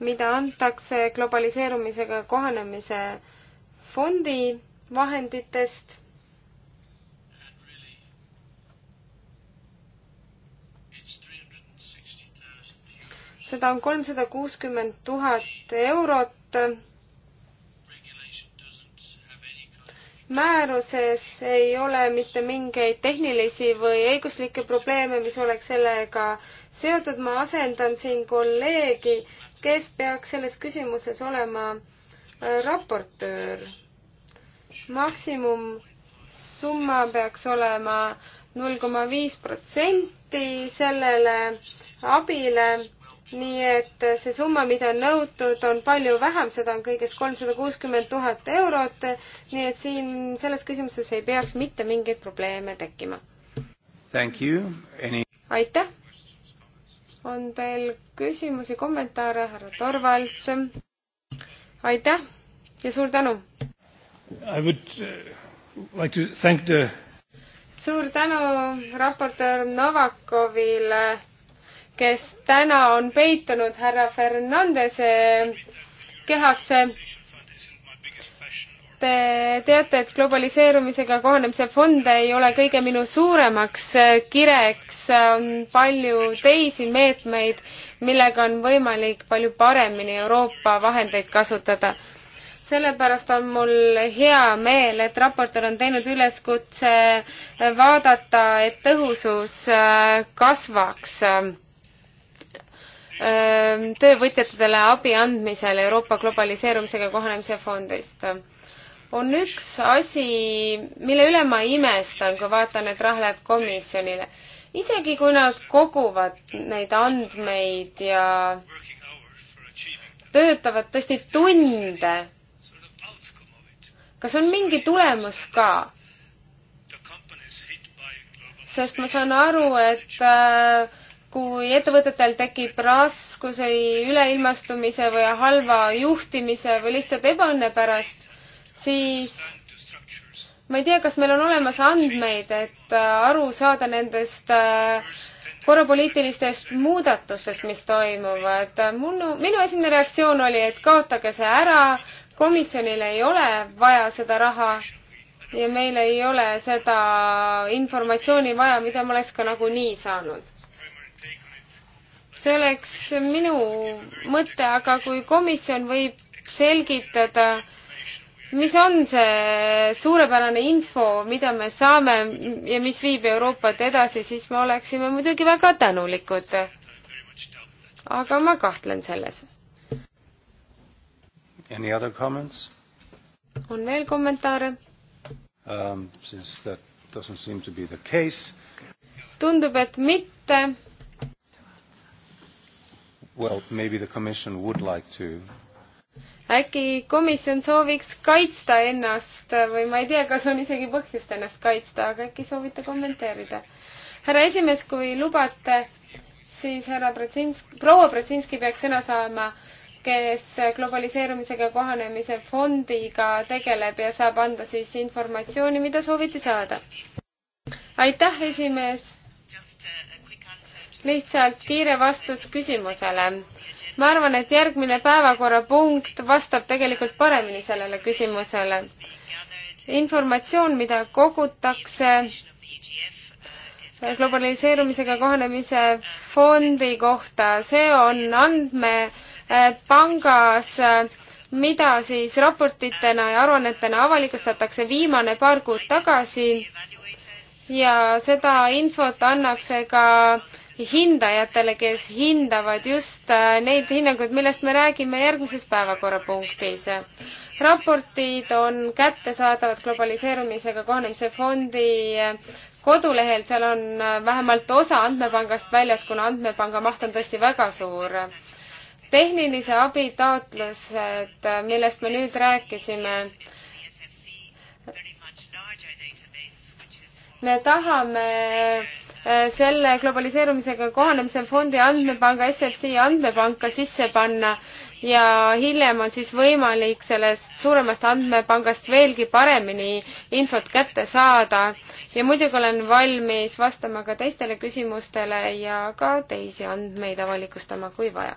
mida antakse globaliseerumisega kohanemise fondi vahenditest seda on kolmsada kuuskümmend tuhat eurot. määruses ei ole mitte mingeid tehnilisi või õiguslikke probleeme, mis oleks sellega seotud. ma asendan siin kolleegi, kes peaks selles küsimuses olema äh, raportöör. maksimumsumma peaks olema null koma viis protsenti sellele abile nii et see summa, mida on nõutud, on palju vähem, seda on kõigest kolmsada kuuskümmend tuhat eurot, nii et siin selles küsimuses ei peaks mitte mingeid probleeme tekkima. Any... aitäh! on teil küsimusi, kommentaare, härra Torvalds? aitäh ja suur tänu! Would, uh, like the... suur tänu raportöör Novakovile kes täna on peitunud härra Fernandese kehasse. Te teate, et globaliseerumisega kohanemise fond ei ole kõige minu suuremaks kireks, on palju teisi meetmeid, millega on võimalik palju paremini Euroopa vahendeid kasutada. sellepärast on mul hea meel, et raportöör on teinud üleskutse vaadata, et tõhusus kasvaks töövõtjatele abi andmisel Euroopa globaliseerumisega kohanemise fondist. on üks asi, mille üle ma imestan, kui vaatan, et raha läheb komisjonile. isegi kui nad koguvad neid andmeid ja töötavad tõesti tunde, kas on mingi tulemus ka? sest ma saan aru, et äh, kui ettevõtetel tekib raskusi üleilmastumise või halva juhtimise või lihtsalt ebaõnne pärast, siis ma ei tea, kas meil on olemas andmeid, et äh, aru saada nendest äh, korrapoliitilistest muudatustest, mis toimuvad. minu, minu esimene reaktsioon oli, et kaotage see ära, komisjonil ei ole vaja seda raha ja meil ei ole seda informatsiooni vaja, mida me oleks ka nagunii saanud see oleks minu mõte, aga kui komisjon võib selgitada, mis on see suurepärane info, mida me saame ja mis viib Euroopat edasi, siis me oleksime muidugi väga tänulikud. aga ma kahtlen selles. Any other comments? on veel kommentaare um,? Since that doesn't seem to be the case. tundub, et mitte Well, maybe the commission would like to äkki komisjon sooviks kaitsta ennast või ma ei tea, kas on isegi põhjust ennast kaitsta, aga äkki soovite kommenteerida? härra esimees, kui lubate, siis härra Brodzinski, proua Brodzinski peaks sõna saama, kes globaliseerumisega kohanemise fondiga tegeleb ja saab anda siis informatsiooni, mida sooviti saada. aitäh, esimees lihtsalt kiire vastus küsimusele. ma arvan, et järgmine päevakorrapunkt vastab tegelikult paremini sellele küsimusele. informatsioon, mida kogutakse globaliseerumisega kohanemise fondi kohta, see on andmepangas eh, äh, mida siis raportitena ja aruannetena avalikustatakse viimane paar kuud tagasi ja seda infot annakse ka hindajatele, kes hindavad just äh, neid hinnanguid, millest me räägime järgmises päevakorrapunktis. raportid on kättesaadavad globaliseerumisega kohanemise fondi äh, kodulehel, seal on äh, vähemalt osa andmepangast väljas, kuna andmepanga maht on tõesti väga suur. tehnilise abi taotlused, millest me nüüd rääkisime, me tahame Äh, selle globaliseerumisega kohanemise fondi andmepanga, SFC andmepanka sisse panna ja hiljem on siis võimalik sellest suuremast andmepangast veelgi paremini infot kätte saada. ja muidugi olen valmis vastama ka teistele küsimustele ja ka teisi andmeid avalikustama, kui vaja.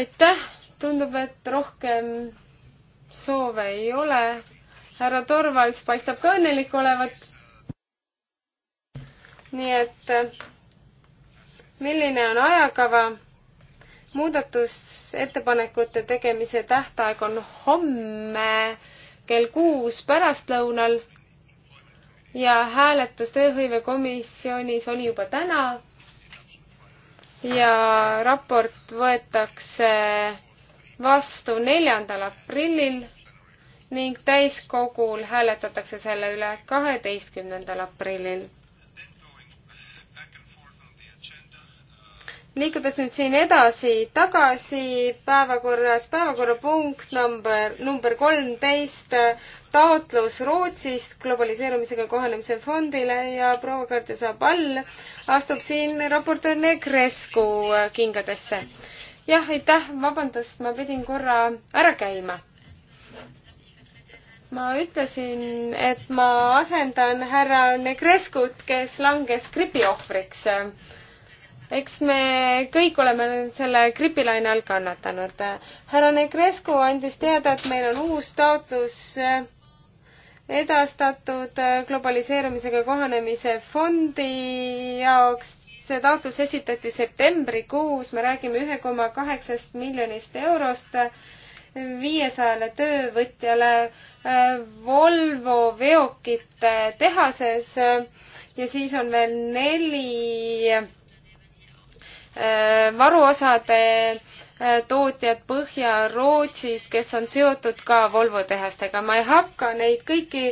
aitäh, tundub, et rohkem soove ei ole. härra Torvalds paistab ka õnnelik olevat nii et milline on ajakava? muudatusettepanekute tegemise tähtaeg on homme kell kuus pärastlõunal ja hääletus tööhõivekomisjonis oli juba täna ja raport võetakse vastu neljandal aprillil ning täiskogul hääletatakse selle üle kaheteistkümnendal aprillil liikudes nüüd siin edasi, tagasi päevakorras, päevakorrapunkt number, number kolmteist, taotlus Rootsist globaliseerumisega kohanemise fondile ja proua Kardesabal astub siin raportöörne Kresku kingadesse. jah, aitäh, vabandust, ma pidin korra ära käima. ma ütlesin, et ma asendan härra Negreskut, kes langes gripiohvriks eks me kõik oleme selle gripilaine all kannatanud. härra Negrescu andis teada, et meil on uus taotlus eh, edastatud eh, globaliseerumisega kohanemise fondi jaoks. see taotlus esitati septembrikuus, me räägime ühe koma kaheksast miljonist eurost eh, viiesajale töövõtjale Volvo veokite tehases ja siis on veel neli Äh, varuosade äh, tootjad Põhja-Rootsist, kes on seotud ka Volvo tehastega. ma ei hakka neid kõiki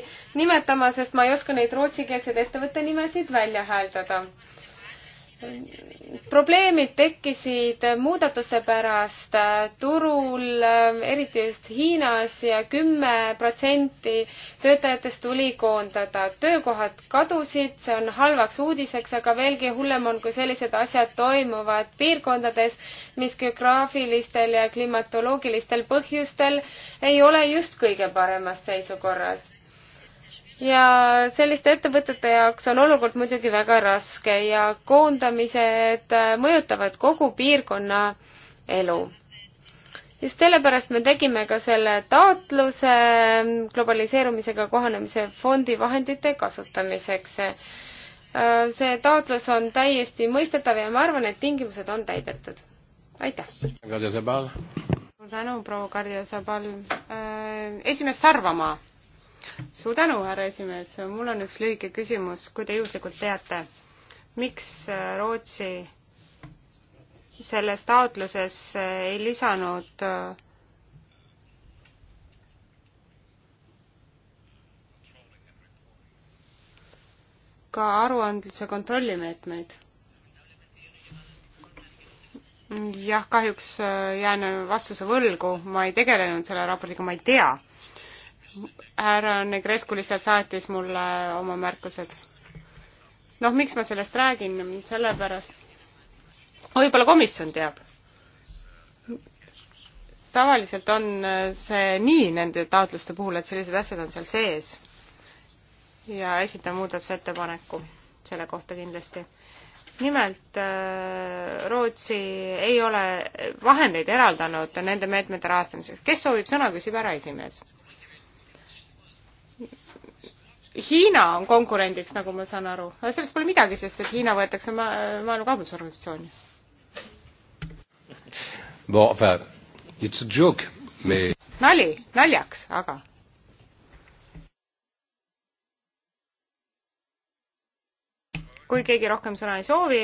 nimetama, sest ma ei oska neid rootsikeelseid ettevõtte nimesid välja hääldada probleemid tekkisid muudatuste pärast turul, eriti just Hiinas ja kümme protsenti töötajatest tuli koondada. töökohad kadusid, see on halvaks uudiseks, aga veelgi hullem on, kui sellised asjad toimuvad piirkondades, mis geograafilistel ja klimatoloogilistel põhjustel ei ole just kõige paremas seisukorras ja selliste ettevõtete jaoks on olukord muidugi väga raske ja koondamised äh, mõjutavad kogu piirkonna elu. just sellepärast me tegime ka selle taotluse äh, globaliseerumisega kohanemise fondi vahendite kasutamiseks. Äh, see taotlus on täiesti mõistetav ja ma arvan, et tingimused on täidetud. aitäh! suur tänu, proua Kardio Sabal. esimees Sarvamaa suur tänu, härra esimees, mul on üks lühike küsimus, kui te juhuslikult teate, miks äh, Rootsi selles taotluses äh, ei lisanud äh, ka aruandluse kontrollimeetmeid? jah, kahjuks jään vastuse võlgu, ma ei tegelenud selle raportiga, ma ei tea härra Negrescu lihtsalt saatis mulle oma märkused. noh, miks ma sellest räägin, sellepärast, võib-olla komisjon teab. tavaliselt on see nii nende taotluste puhul, et sellised asjad on seal sees. ja esitan muudatusettepaneku selle kohta kindlasti nimelt äh, Rootsi ei ole vahendeid eraldanud nende meetmete rahastamiseks. kes soovib sõna, küsib härra esimees. Hiina on konkurendiks, nagu ma saan aru, aga sellest pole midagi, sest et Hiina võetakse ma maailma kaubandusorganisatsiooni. Bon, enfin, it's a joke, mais... nali, naljaks, aga kui keegi rohkem sõna ei soovi,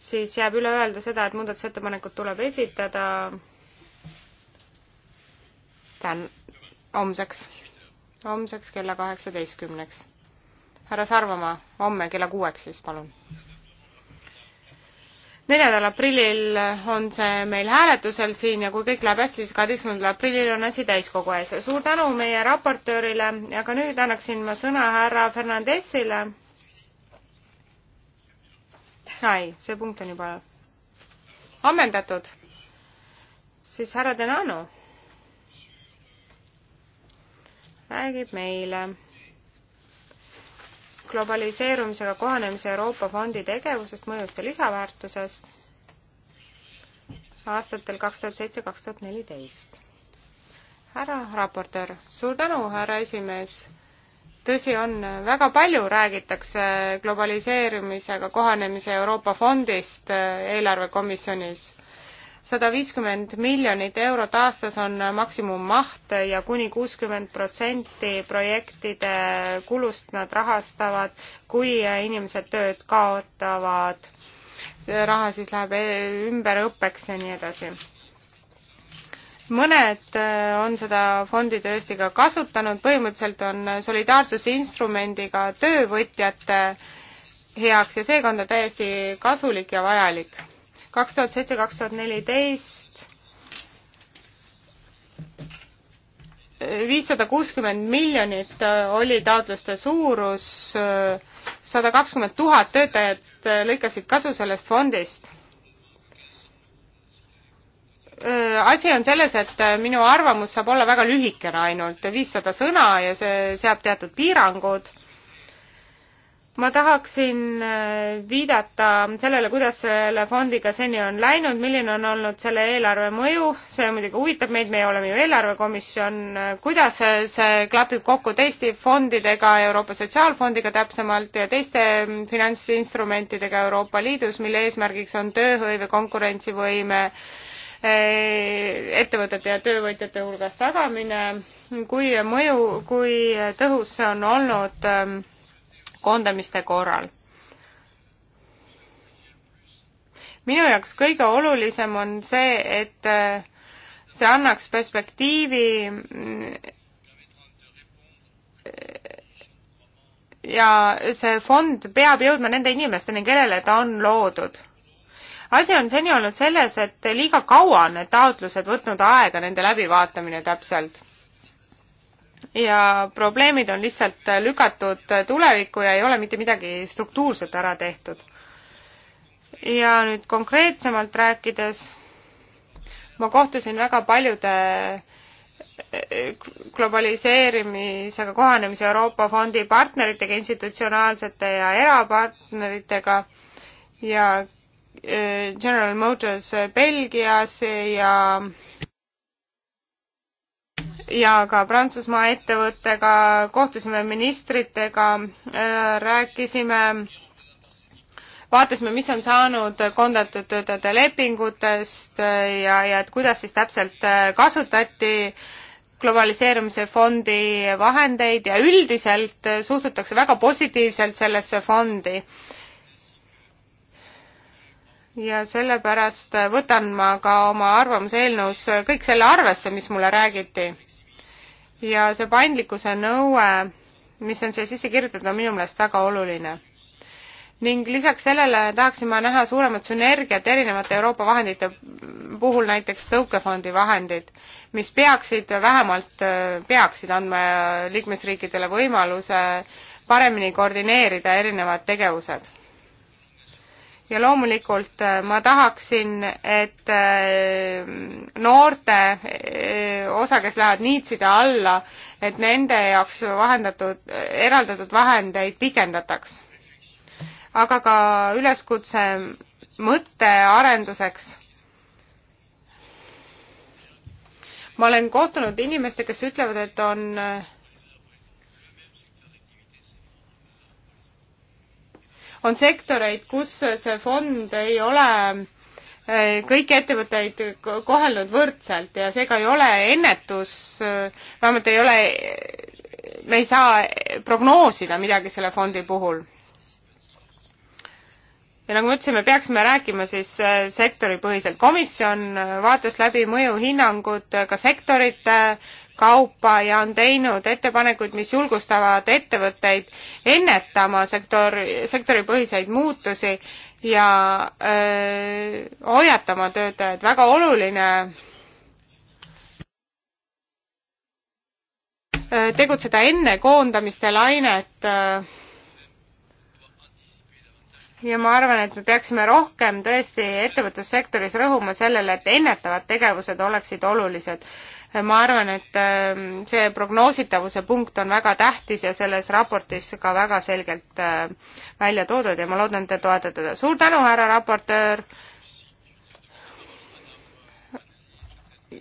siis jääb üle öelda seda, et muudatusettepanekud tuleb esitada tän-, homseks homseks kella kaheksateistkümneks. härra Sarvamaa, homme kella kuueks siis, palun. neljandal aprillil on see meil hääletusel siin ja kui kõik läheb hästi, siis kaheteistkümnendal aprillil on asi täiskogu ees. suur tänu meie raportöörile, aga nüüd annaksin ma sõna härra Fernandesile. ai, see punkt on juba ammendatud. siis härra Denano räägib meile globaliseerumisega kohanemise Euroopa Fondi tegevusest, mõjust ja lisaväärtusest aastatel kaks tuhat seitse, kaks tuhat neliteist. härra raportöör, suur tänu, härra esimees. tõsi on, väga palju räägitakse globaliseerumisega kohanemise Euroopa Fondist äh, eelarvekomisjonis sada viiskümmend miljonit eurot aastas on maksimummaht ja kuni kuuskümmend protsenti projektide kulust nad rahastavad, kui inimesed tööd kaotavad. raha siis läheb e-, ümberõppeks ja nii edasi mõned äh, on seda fondi tõesti ka kasutanud, põhimõtteliselt on solidaarsuse instrumendiga töövõtjate heaks ja seega on ta täiesti kasulik ja vajalik kaks tuhat seitse, kaks tuhat neliteist viissada kuuskümmend miljonit äh, oli taotluste suurus, äh, sada kakskümmend tuhat töötajat äh, lõikasid kasu sellest fondist. asi on selles, et minu arvamus saab olla väga lühikene ainult, viissada sõna ja see seab teatud piirangud ma tahaksin äh, viidata sellele, kuidas selle fondiga seni on läinud, milline on olnud selle eelarve mõju, see muidugi huvitab meid, meie oleme ju eelarvekomisjon, äh, kuidas see klapib kokku teiste fondidega, Euroopa Sotsiaalfondiga täpsemalt ja teiste mm, finantsinstrumentidega Euroopa Liidus, mille eesmärgiks on tööhõive, konkurentsivõime, äh, ettevõtete ja töövõtjate hulgas tagamine, kui mõju, kui tõhus see on olnud ähm, koondamiste korral. minu jaoks kõige olulisem on see, et äh, see annaks perspektiivi mm, ja see fond peab jõudma nende inimesteni, kellele ta on loodud. asi on seni olnud selles, et liiga kaua on need taotlused võtnud aega, nende läbivaatamine täpselt ja probleemid on lihtsalt lükatud tulevikku ja ei ole mitte midagi struktuurselt ära tehtud. ja nüüd konkreetsemalt rääkides, ma kohtusin väga paljude eh, globaliseerimisega kohanemise Euroopa Fondi partneritega, institutsionaalsete ja erapartneritega ja eh, General Motors Belgias ja ja ka Prantsusmaa ettevõttega, kohtusime ministritega, rääkisime, vaatasime, mis on saanud kondatud töötajate lepingutest ja, ja et kuidas siis täpselt kasutati globaliseerumise fondi vahendeid ja üldiselt suhtutakse väga positiivselt sellesse fondi. ja sellepärast võtan ma ka oma arvamuse eelnõus kõik selle arvesse, mis mulle räägiti ja see paindlikkuse nõue, mis on siia sisse kirjutatud, on minu meelest väga oluline. ning lisaks sellele tahaksin ma näha suuremat sünergiat erinevate Euroopa vahendite puhul, näiteks tõukefondi vahendid, mis peaksid vähemalt, peaksid andma liikmesriikidele võimaluse paremini koordineerida erinevad tegevused ja loomulikult äh, ma tahaksin, et äh, noorte äh, osa, kes lähevad niitside alla, et nende jaoks vahendatud, eraldatud vahendeid pikendataks. aga ka üleskutse mõttearenduseks. ma olen kohtunud inimestega, kes ütlevad, et on on sektoreid, kus see fond ei ole eh, kõiki ettevõtteid kohelnud võrdselt ja seega ei ole ennetus, vähemalt ei ole, me ei saa prognoosida midagi selle fondi puhul. ja nagu ma ütlesin, me peaksime rääkima siis eh, sektoripõhiselt. komisjon eh, vaatas läbi mõjuhinnangud ka sektorite kaupa ja on teinud ettepanekuid, mis julgustavad ettevõtteid ennetama sektor, sektoripõhiseid muutusi ja öö, hoiatama töötajaid. väga oluline tegutseda enne koondamiste lainet. ja ma arvan, et me peaksime rohkem tõesti ettevõtlussektoris rõhuma sellele, et ennetavad tegevused oleksid olulised ma arvan, et ähm, see prognoositavuse punkt on väga tähtis ja selles raportis ka väga selgelt äh, välja toodud ja ma loodan, te toetate teda. suur tänu, härra raportöör!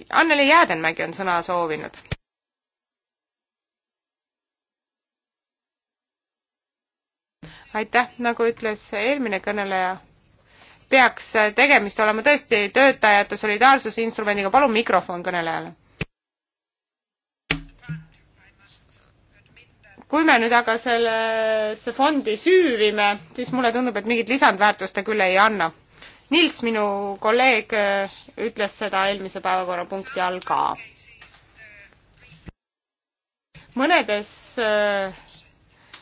Anneli Jäädenmägi on sõna soovinud. aitäh, nagu ütles eelmine kõneleja, peaks tegemist olema tõesti töötajate solidaarsusinstrumendiga, palun mikrofon kõnelejale kui me nüüd aga sellesse fondi süüvime, siis mulle tundub, et mingit lisandväärtust ta küll ei anna. Nils, minu kolleeg, ütles seda eelmise päevakorrapunkti all ka. mõnedes,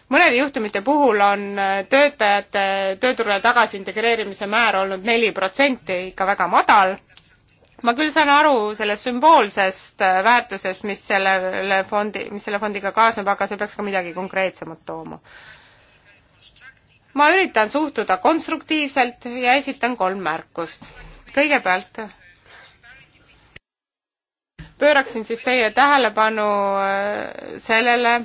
mõnede juhtumite puhul on töötajate tööturule tagasi integreerimise määr olnud neli protsenti, ikka väga madal ma küll saan aru sellest sümboolsest äh, väärtusest, mis sellele fondi, mis selle fondiga kaasneb, aga see peaks ka midagi konkreetsemat tooma. ma üritan suhtuda konstruktiivselt ja esitan kolm märkust. kõigepealt pööraksin siis teie tähelepanu äh, sellele,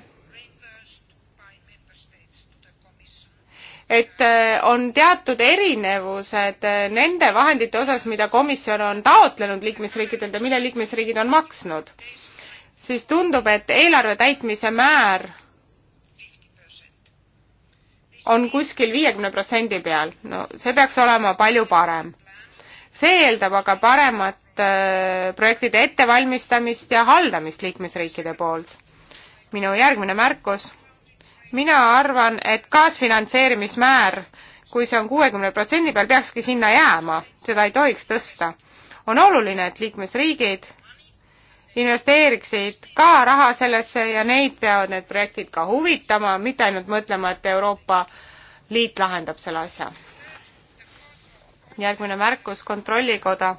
et äh, on teatud erinevused äh, nende vahendite osas, mida komisjon on taotlenud liikmesriikidelt ja mille liikmesriigid on maksnud, siis tundub, et eelarve täitmise määr on kuskil viiekümne protsendi peal. no see peaks olema palju parem. see eeldab aga paremat äh, projektide ettevalmistamist ja haldamist liikmesriikide poolt. minu järgmine märkus mina arvan, et kaasfinantseerimismäär, kui see on kuuekümne protsendi peal, peakski sinna jääma, seda ei tohiks tõsta. on oluline, et liikmesriigid investeeriksid ka raha sellesse ja neid peavad need projektid ka huvitama, mitte ainult mõtlema, et Euroopa Liit lahendab selle asja. järgmine märkus, Kontrollikoda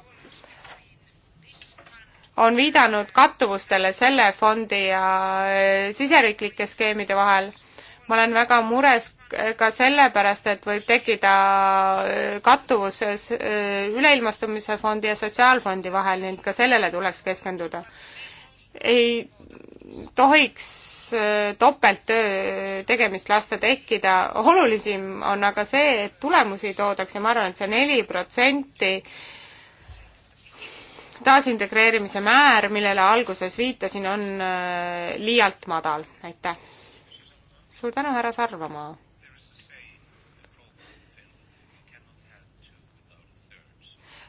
on viidanud kattuvustele selle fondi ja siseriiklike skeemide vahel ma olen väga mures ka sellepärast, et võib tekkida äh, kattuvus äh, üleilmastumise fondi ja sotsiaalfondi vahel, nii et ka sellele tuleks keskenduda. ei tohiks äh, topelttöö tegemist lasta tekkida, olulisim on aga see, et tulemusi toodakse, ma arvan, et see neli protsenti taasintegreerimise määr, millele alguses viitasin, on liialt madal, aitäh suur tänu, härra Sarvamaa.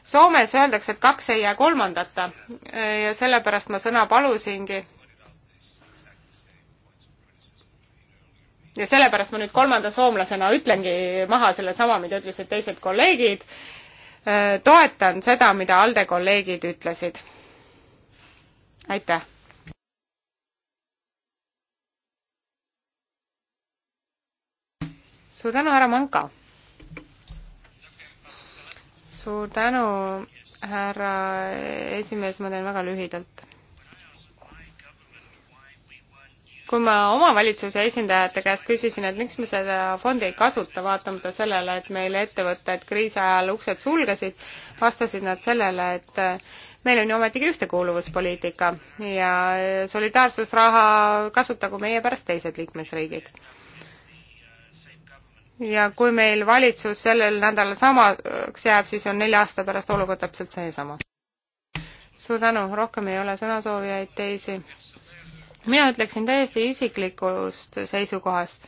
Soomes öeldakse, et kaks ei jää kolmandata eh, ja sellepärast ma sõna palusingi. ja sellepärast ma nüüd kolmanda soomlasena ütlengi maha sellesama, mida ütlesid teised kolleegid. Eh, toetan seda, mida ALDE kolleegid ütlesid. aitäh suur tänu, härra Manka! suur tänu, härra esimees, ma teen väga lühidalt. kui ma omavalitsuse esindajate käest küsisin, et miks me seda fondi ei kasuta, vaatamata sellele, et meil ettevõtted kriisi ajal uksed sulgesid, vastasid nad sellele, et eh, meil on ju ometigi ühtekuuluvuspoliitika ja solidaarsusraha kasutagu meie pärast teised liikmesriigid ja kui meil valitsus sellel nädalal samaks jääb, siis on nelja aasta pärast olukord täpselt seesama. suur tänu, rohkem ei ole sõnasoovijaid teisi. mina ütleksin täiesti isiklikust seisukohast,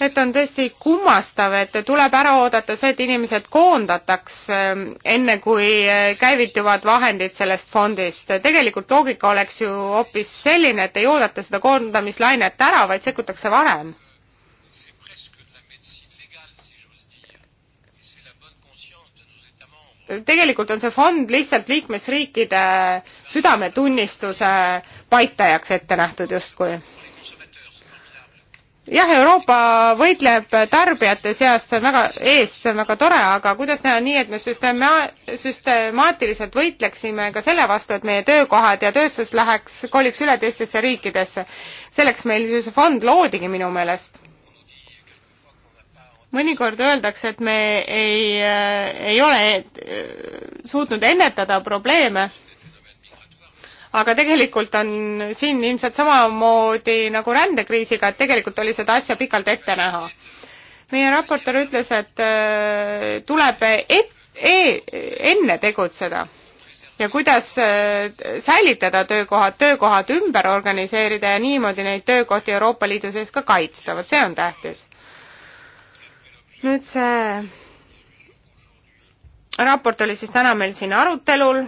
et on tõesti kummastav, et tuleb ära oodata see, et inimesed koondataks, ähm, enne kui äh, käivituvad vahendid sellest fondist. tegelikult loogika oleks ju hoopis selline, et ei oodata seda koondamislainet ära, vaid sekkutakse varem tegelikult on see fond lihtsalt liikmesriikide südametunnistuse paitajaks ette nähtud justkui. jah, Euroopa võitleb tarbijate seas, see on väga, eest, see on väga tore, aga kuidas teha nii, et me süstema-, süstemaatiliselt võitleksime ka selle vastu, et meie töökohad ja tööstus läheks, koliks üle teistesse riikidesse. selleks meil ju see fond loodigi minu meelest mõnikord öeldakse, et me ei, äh, ei ole äh, suutnud ennetada probleeme, aga tegelikult on siin ilmselt samamoodi nagu rändekriisiga, et tegelikult oli seda asja pikalt ette näha. meie raportöör ütles, et äh, tuleb et, e, enne tegutseda ja kuidas säilitada töökohad, töökohad ümber organiseerida ja niimoodi neid töökohti Euroopa Liidu sees ka kaitsta, vot see on tähtis nüüd see raport oli siis täna meil siin arutelul.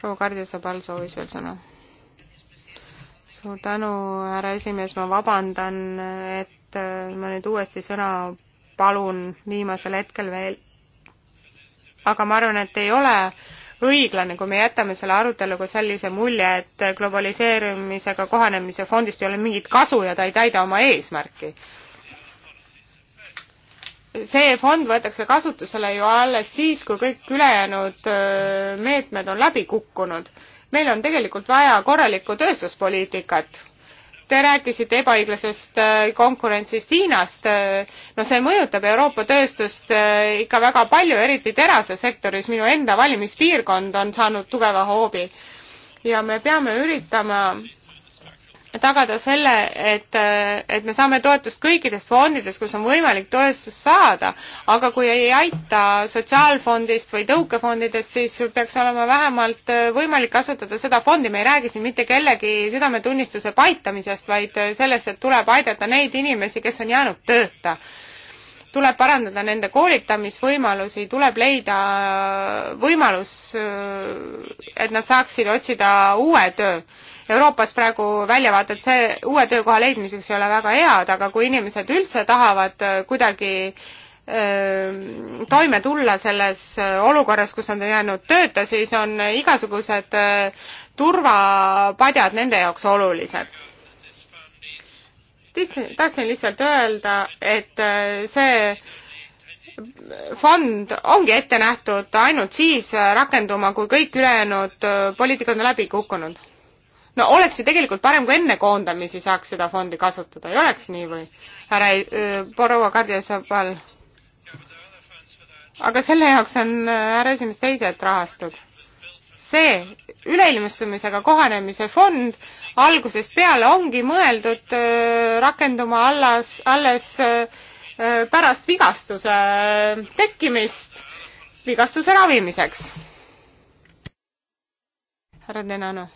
proua Kardjasabal soovis veel sõna. suur tänu, härra esimees, ma vabandan, et ma nüüd uuesti sõna palun viimasel hetkel veel. aga ma arvan, et ei ole õiglane, kui me jätame selle aruteluga sellise mulje, et globaliseerumisega kohanemise fondist ei ole mingit kasu ja ta ei täida oma eesmärki. see fond võetakse kasutusele ju alles siis, kui kõik ülejäänud meetmed on läbi kukkunud. meil on tegelikult vaja korralikku tööstuspoliitikat Te rääkisite ebaõiglasest äh, konkurentsist Hiinast. Äh, no see mõjutab Euroopa tööstust äh, ikka väga palju, eriti terasesektoris. minu enda valimispiirkond on saanud tugeva hoobi ja me peame üritama tagada selle, et, et me saame toetust kõikidest fondidest, kus on võimalik toetust saada, aga kui ei aita sotsiaalfondist või tõukefondidest, siis peaks olema vähemalt võimalik kasutada seda fondi, me ei räägi siin mitte kellegi südametunnistuse paitamisest, vaid sellest, et tuleb aidata neid inimesi, kes on jäänud tööta tuleb parandada nende koolitamisvõimalusi, tuleb leida võimalus, et nad saaksid otsida uue töö Euroopas praegu väljavaated see uue töökoha leidmiseks ei ole väga head, aga kui inimesed üldse tahavad äh, kuidagi öö, äh, toime tulla selles äh, olukorras, kus nad on jäänud tööta, siis on igasugused öö, turvapadjad nende jaoks olulised tahtsin lihtsalt öelda, et see fond ongi ette nähtud ainult siis rakenduma, kui kõik ülejäänud poliitikud on läbi kukkunud no oleks ju tegelikult parem, kui enne koondamisi saaks seda fondi kasutada, ei oleks nii või? härra äh, proua Kadri Sabal. aga selle jaoks on äh, härra esimees teised rahastud. see üleilmestumisega kohanemise fond algusest peale ongi mõeldud äh, rakenduma alles, alles pärast vigastuse tekkimist, vigastuse ravimiseks. härra Denano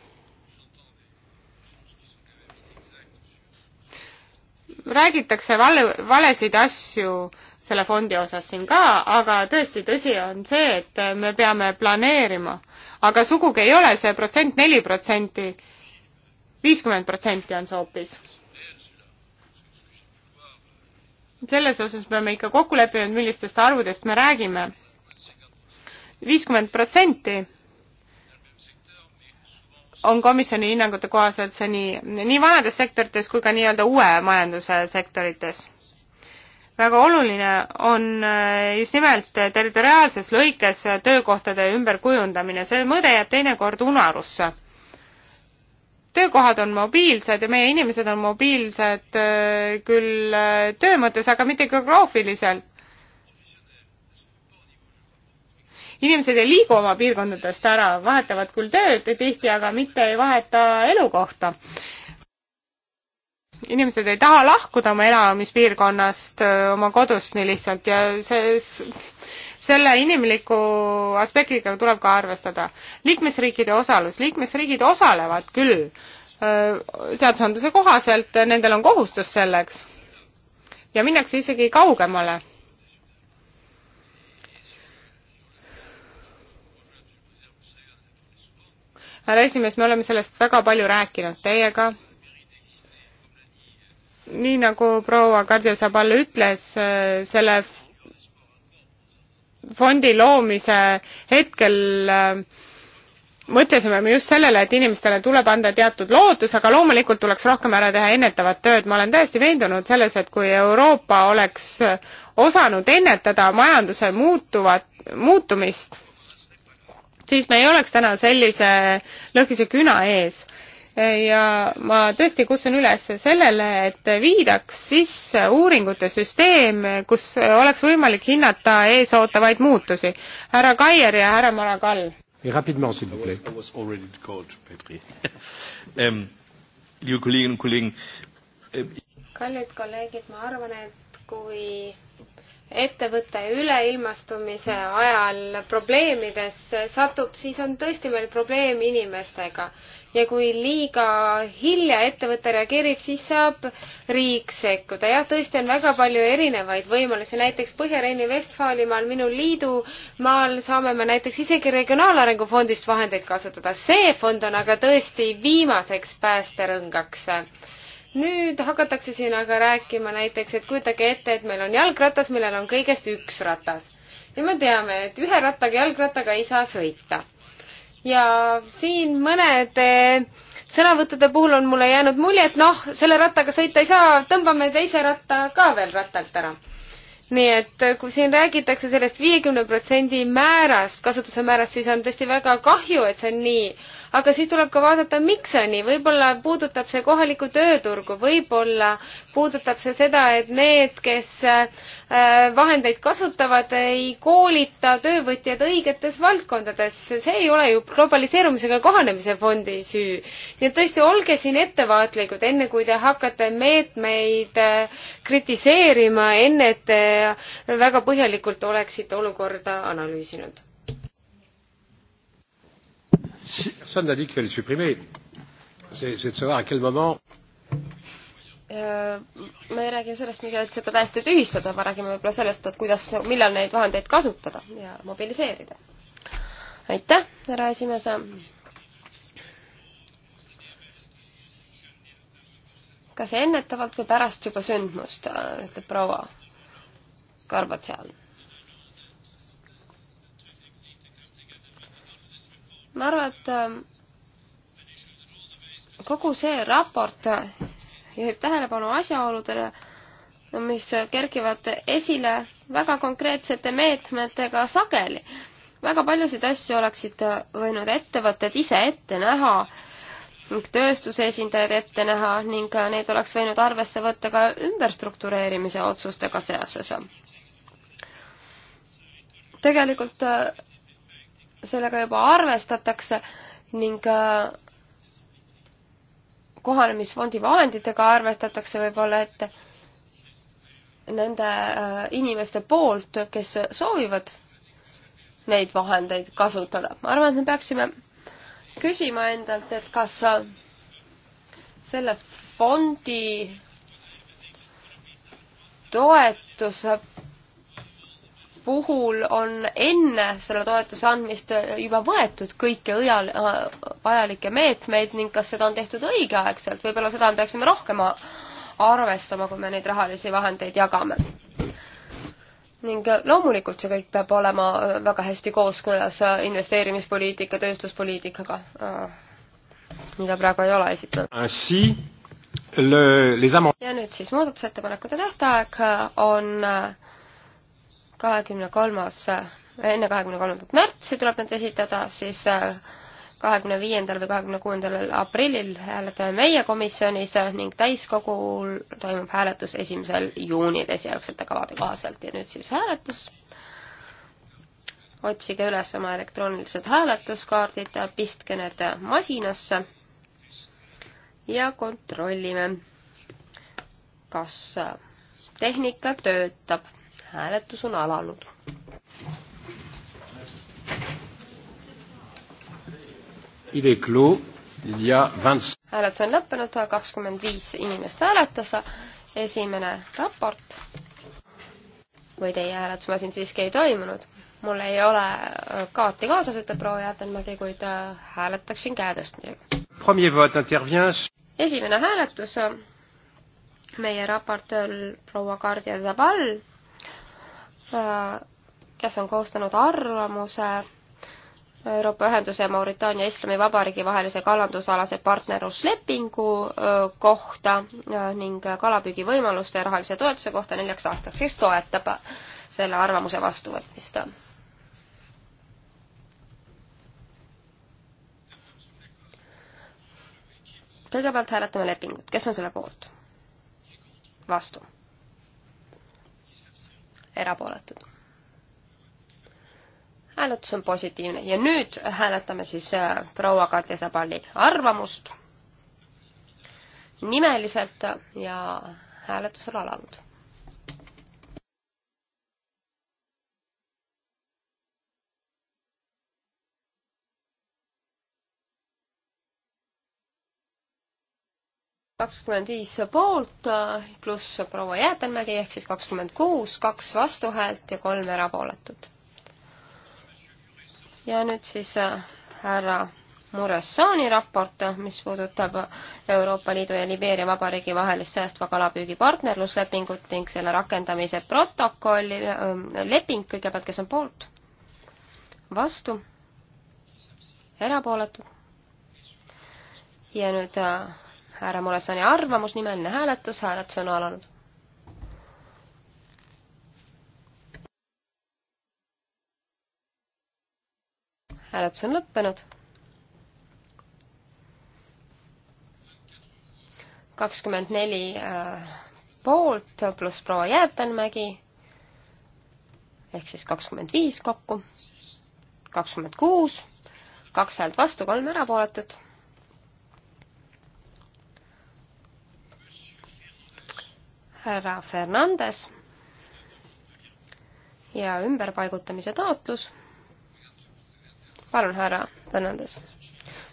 räägitakse vale, valesid asju selle fondi osas siin ka, aga tõesti tõsi on see, et me peame planeerima. aga sugugi ei ole see protsent neli protsenti, viiskümmend protsenti on see hoopis. selles osas peame ikka kokku leppima, millistest arvudest me räägime. viiskümmend protsenti on komisjoni hinnangute kohaselt see nii, nii vanades sektorites kui ka nii-öelda uue majanduse sektorites. väga oluline on äh, just nimelt territoriaalses lõikes töökohtade ümberkujundamine, see mõõde jääb teinekord unarusse. töökohad on mobiilsed ja meie inimesed on mobiilsed äh, küll äh, töö mõttes, aga mitte geograafiliselt inimesed ei liigu oma piirkondadest ära, vahetavad küll tööd tihti, aga mitte ei vaheta elukohta. inimesed ei taha lahkuda oma elamispiirkonnast, oma kodust nii lihtsalt ja see selle inimliku aspektiga tuleb ka arvestada. liikmesriikide osalus, liikmesriigid osalevad küll seadusandluse kohaselt, nendel on kohustus selleks ja minnakse isegi kaugemale härra esimees, me oleme sellest väga palju rääkinud teiega. nii nagu proua Kadri Sabal ütles, selle fondi loomise hetkel äh, mõtlesime me just sellele, et inimestele tuleb anda teatud lootus, aga loomulikult tuleks rohkem ära teha ennetavat tööd. ma olen täiesti veendunud selles, et kui Euroopa oleks osanud ennetada majanduse muutuvat, muutumist siis me ei oleks täna sellise lõhkise küna ees. ja ma tõesti kutsun üles sellele, et viidaks sisse uuringute süsteem, kus oleks võimalik hinnata eesootavaid muutusi. härra Kaier ja härra Maragall. Et rapidement, s'il vous plaît. I was already called Petri. ähm, um, liebe Kolleginnen und Kollegen. Ähm, uh, Kallid kolleegid, ma arvan, et kui ettevõte üleilmastumise ajal probleemidesse satub, siis on tõesti meil probleem inimestega. ja kui liiga hilja ettevõte reageerib, siis saab riik sekkuda. jah, tõesti on väga palju erinevaid võimalusi, näiteks Põhja-Rheini-Vestfaalimaal, minu liidumaal, saame me näiteks isegi Regionaalarengu fondist vahendeid kasutada. see fond on aga tõesti viimaseks päästerõngaks nüüd hakatakse siin aga rääkima näiteks, et kujutage ette, et meil on jalgratas, millel on kõigest üks ratas. ja me teame, et ühe rattaga jalgrattaga ei saa sõita. ja siin mõnede sõnavõttude puhul on mulle jäänud mulje, et noh, selle rattaga sõita ei saa, tõmbame teise ratta ka veel rattalt ära nii et kui siin räägitakse sellest viiekümne protsendi määrast, kasutuse määrast, siis on tõesti väga kahju, et see on nii, aga siis tuleb ka vaadata, miks see nii, võib-olla puudutab see kohalikku tööturgu, võib-olla puudutab see seda, et need, kes äh, vahendeid kasutavad, ei koolita töövõtjaid õigetes valdkondades, see ei ole ju globaliseerumisega kohanemise fondi süü. nii et tõesti, olge siin ettevaatlikud, enne kui te hakkate meetmeid äh, kritiseerima, enne et te väga põhjalikult oleksite olukorda analüüsinud personne n'a dit qu'il fallait le supprimer. C'est de savoir à quel moment äh, me ei räägi sellest, mida, et seda täiesti tühistada, me räägime võib-olla sellest, et kuidas, millal neid vahendeid kasutada ja mobiliseerida. aitäh, härra esimees. kas ennetavalt või pärast juba sündmust, äh, ütleb proua Karbatšal ma arvan, et ähm, kogu see raport juhib tähelepanu asjaoludele, mis kerkivad esile väga konkreetsete meetmetega sageli. väga paljusid asju oleksid võinud ettevõtted ise ette näha ning tööstuse esindajad ette näha ning neid oleks võinud arvesse võtta ka ümberstruktureerimise otsustega seoses. tegelikult äh, sellega juba arvestatakse ning äh, kohanemisfondi vahenditega arvestatakse võib-olla, et nende äh, inimeste poolt, kes soovivad neid vahendeid kasutada. ma arvan, et me peaksime küsima endalt, et kas äh, selle fondi toetus puhul on enne selle toetuse andmist juba võetud kõiki õial-, vajalikke meetmeid ning kas seda on tehtud õigeaegselt, võib-olla seda me peaksime rohkem arvestama, kui me neid rahalisi vahendeid jagame. ning loomulikult see kõik peab olema väga hästi kooskõlas investeerimispoliitika, tööstuspoliitikaga, mida praegu ei ole esitatud. ja nüüd siis muudatusettepanekute tähtaeg on kahekümne kolmas, enne kahekümne kolmandat märtsi tuleb need esitada, siis äh, kahekümne viiendal või kahekümne kuuendal aprillil hääletame meie komisjonis ning täiskogul toimub hääletus esimesel juunil esialgsete kavade kohaselt ja nüüd siis hääletus. otsige üles oma elektroonilised hääletuskaardid, pistke need masinasse ja kontrollime, kas tehnika töötab hääletus on alanud. hääletus on lõppenud, kakskümmend viis inimest hääletas, esimene raport. või teie hääletusmasin siiski ei toimunud? mul ei ole kaarti kaasas, ütleb proua Jäätelmägi, kuid äh, hääletaksin käetõstmisega. esimene hääletus meie raportöör proua Kardia Zabal Äh, kes on koostanud arvamuse Euroopa Ühenduse ja Mauritaania Islamivabariigi vahelise kalandusalase partnerluslepingu äh, kohta äh, ning kalapüügivõimaluste ja rahalise toetuse kohta neljaks aastaks, kes toetab selle arvamuse vastuvõtmist. kõigepealt hääletame lepingut, kes on selle poolt? vastu erapooletud. hääletus on positiivne ja nüüd hääletame siis äh, proua Katja Sabali arvamust nimeliselt ja hääletus on alanud kakskümmend viis poolt pluss proua Jäätelmägi ehk siis kakskümmend kuus, kaks vastuhäält ja kolm erapooletut. ja nüüd siis äh, härra Muressani raport, mis puudutab Euroopa Liidu ja Libeeria Vabariigi vahelist säästva kalapüügi partnerluslepingut ning selle rakendamise protokolli äh,, leping kõigepealt, kes on poolt, vastu, erapooletu ja nüüd äh, härra Mulesani arvamus, nimeline hääletus, hääletus on alanud. hääletus on lõppenud. kakskümmend neli äh, poolt pluss proua Jäätanmägi ehk siis kakskümmend viis kokku, kakskümmend kuus, kaks häält vastu, kolm erapooletut härra Fernandes ja ümberpaigutamise taotlus. palun, härra Fernandes.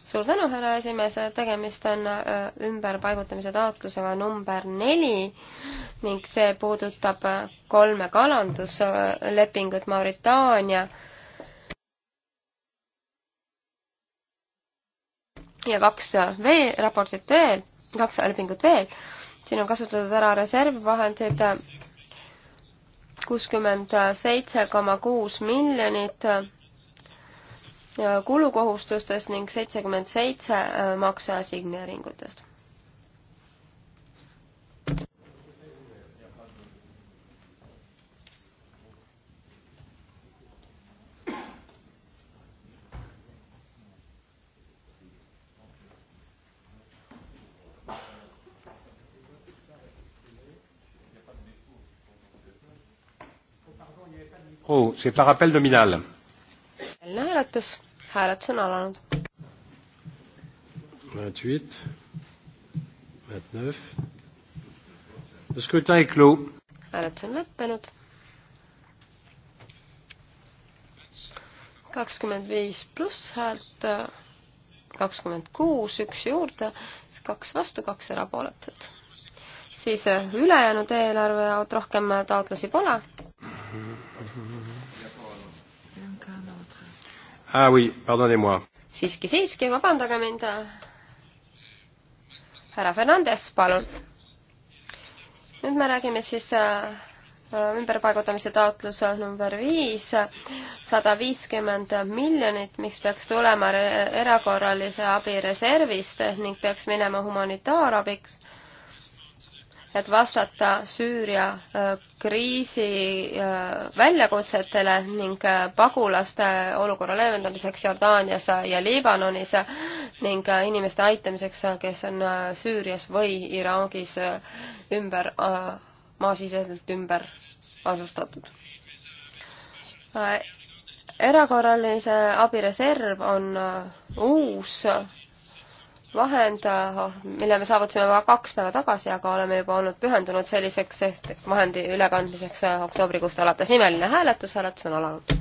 suur tänu, härra esimees, tegemist on äh, ümberpaigutamise taotlusega number neli ning see puudutab äh, kolme kalanduslepingut Mauritaania ja kaks äh, veeraportit veel, kaks lepingut veel siin on kasutatud ära reservvahendid äh, kuuskümmend seitse koma kuus miljonit äh, kulukohustustest ning seitsekümmend seitse äh, makseassigneeringutest oh,. see par appel nominaal. hääletus, hääletus on alanud. Vingt-huit, vingt-neuf. Le scrutin est clos. hääletus on lõppenud. kakskümmend viis pluss häält, kakskümmend kuus, üks juurde, kaks vastu, kaks erapooletut. siis eh, ülejäänud eelarve jaoks rohkem eh, taotlusi pole. Mhm, mhm. Ah oui, pardonnez-moi. siiski, siiski, vabandage mind. härra Fernandes, palun. nüüd me räägime siis äh, ümberpaigutamise taotlus number viis, sada viiskümmend miljonit, mis peaks tulema erakorralise abi reservist ning peaks minema humanitaarabiks et vastata Süüria äh, kriisi äh, väljakutsetele ning äh, pagulaste olukorra leevendamiseks Jordaanias ja Liibanonis ning inimeste aitamiseks, kes on Süürias või Iraagis ümber, maasiseselt ümber asustatud. erakorralise abi reserv on uus vahend, ah, mille me saavutasime kaks päeva tagasi, aga oleme juba olnud pühendunud selliseks vahendi ülekandmiseks ah, oktoobrikuust alates. nimeline hääletus, hääletus on alanud.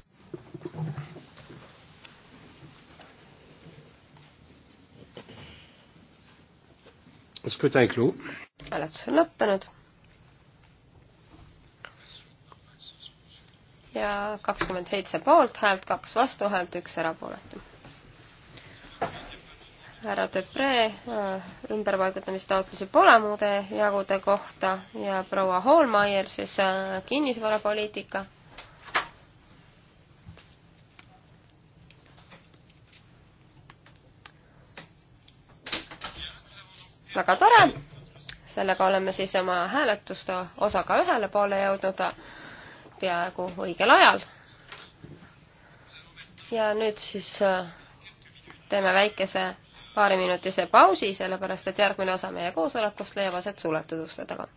hääletus on lõppenud. ja kakskümmend seitse poolthäält, kaks vastuhäält, üks erapooletu härra Depree äh, ümberpaigutamistaotlusi pole muude jagude kohta ja proua Hallmeier siis äh, kinnisvarapoliitika. väga tore, sellega oleme siis oma hääletuste osaga ühele poole jõudnud peaaegu õigel ajal. ja nüüd siis äh, teeme väikese paariminutise pausi, sellepärast et järgmine osa meie koosolekust leiab aset suletud uste taga.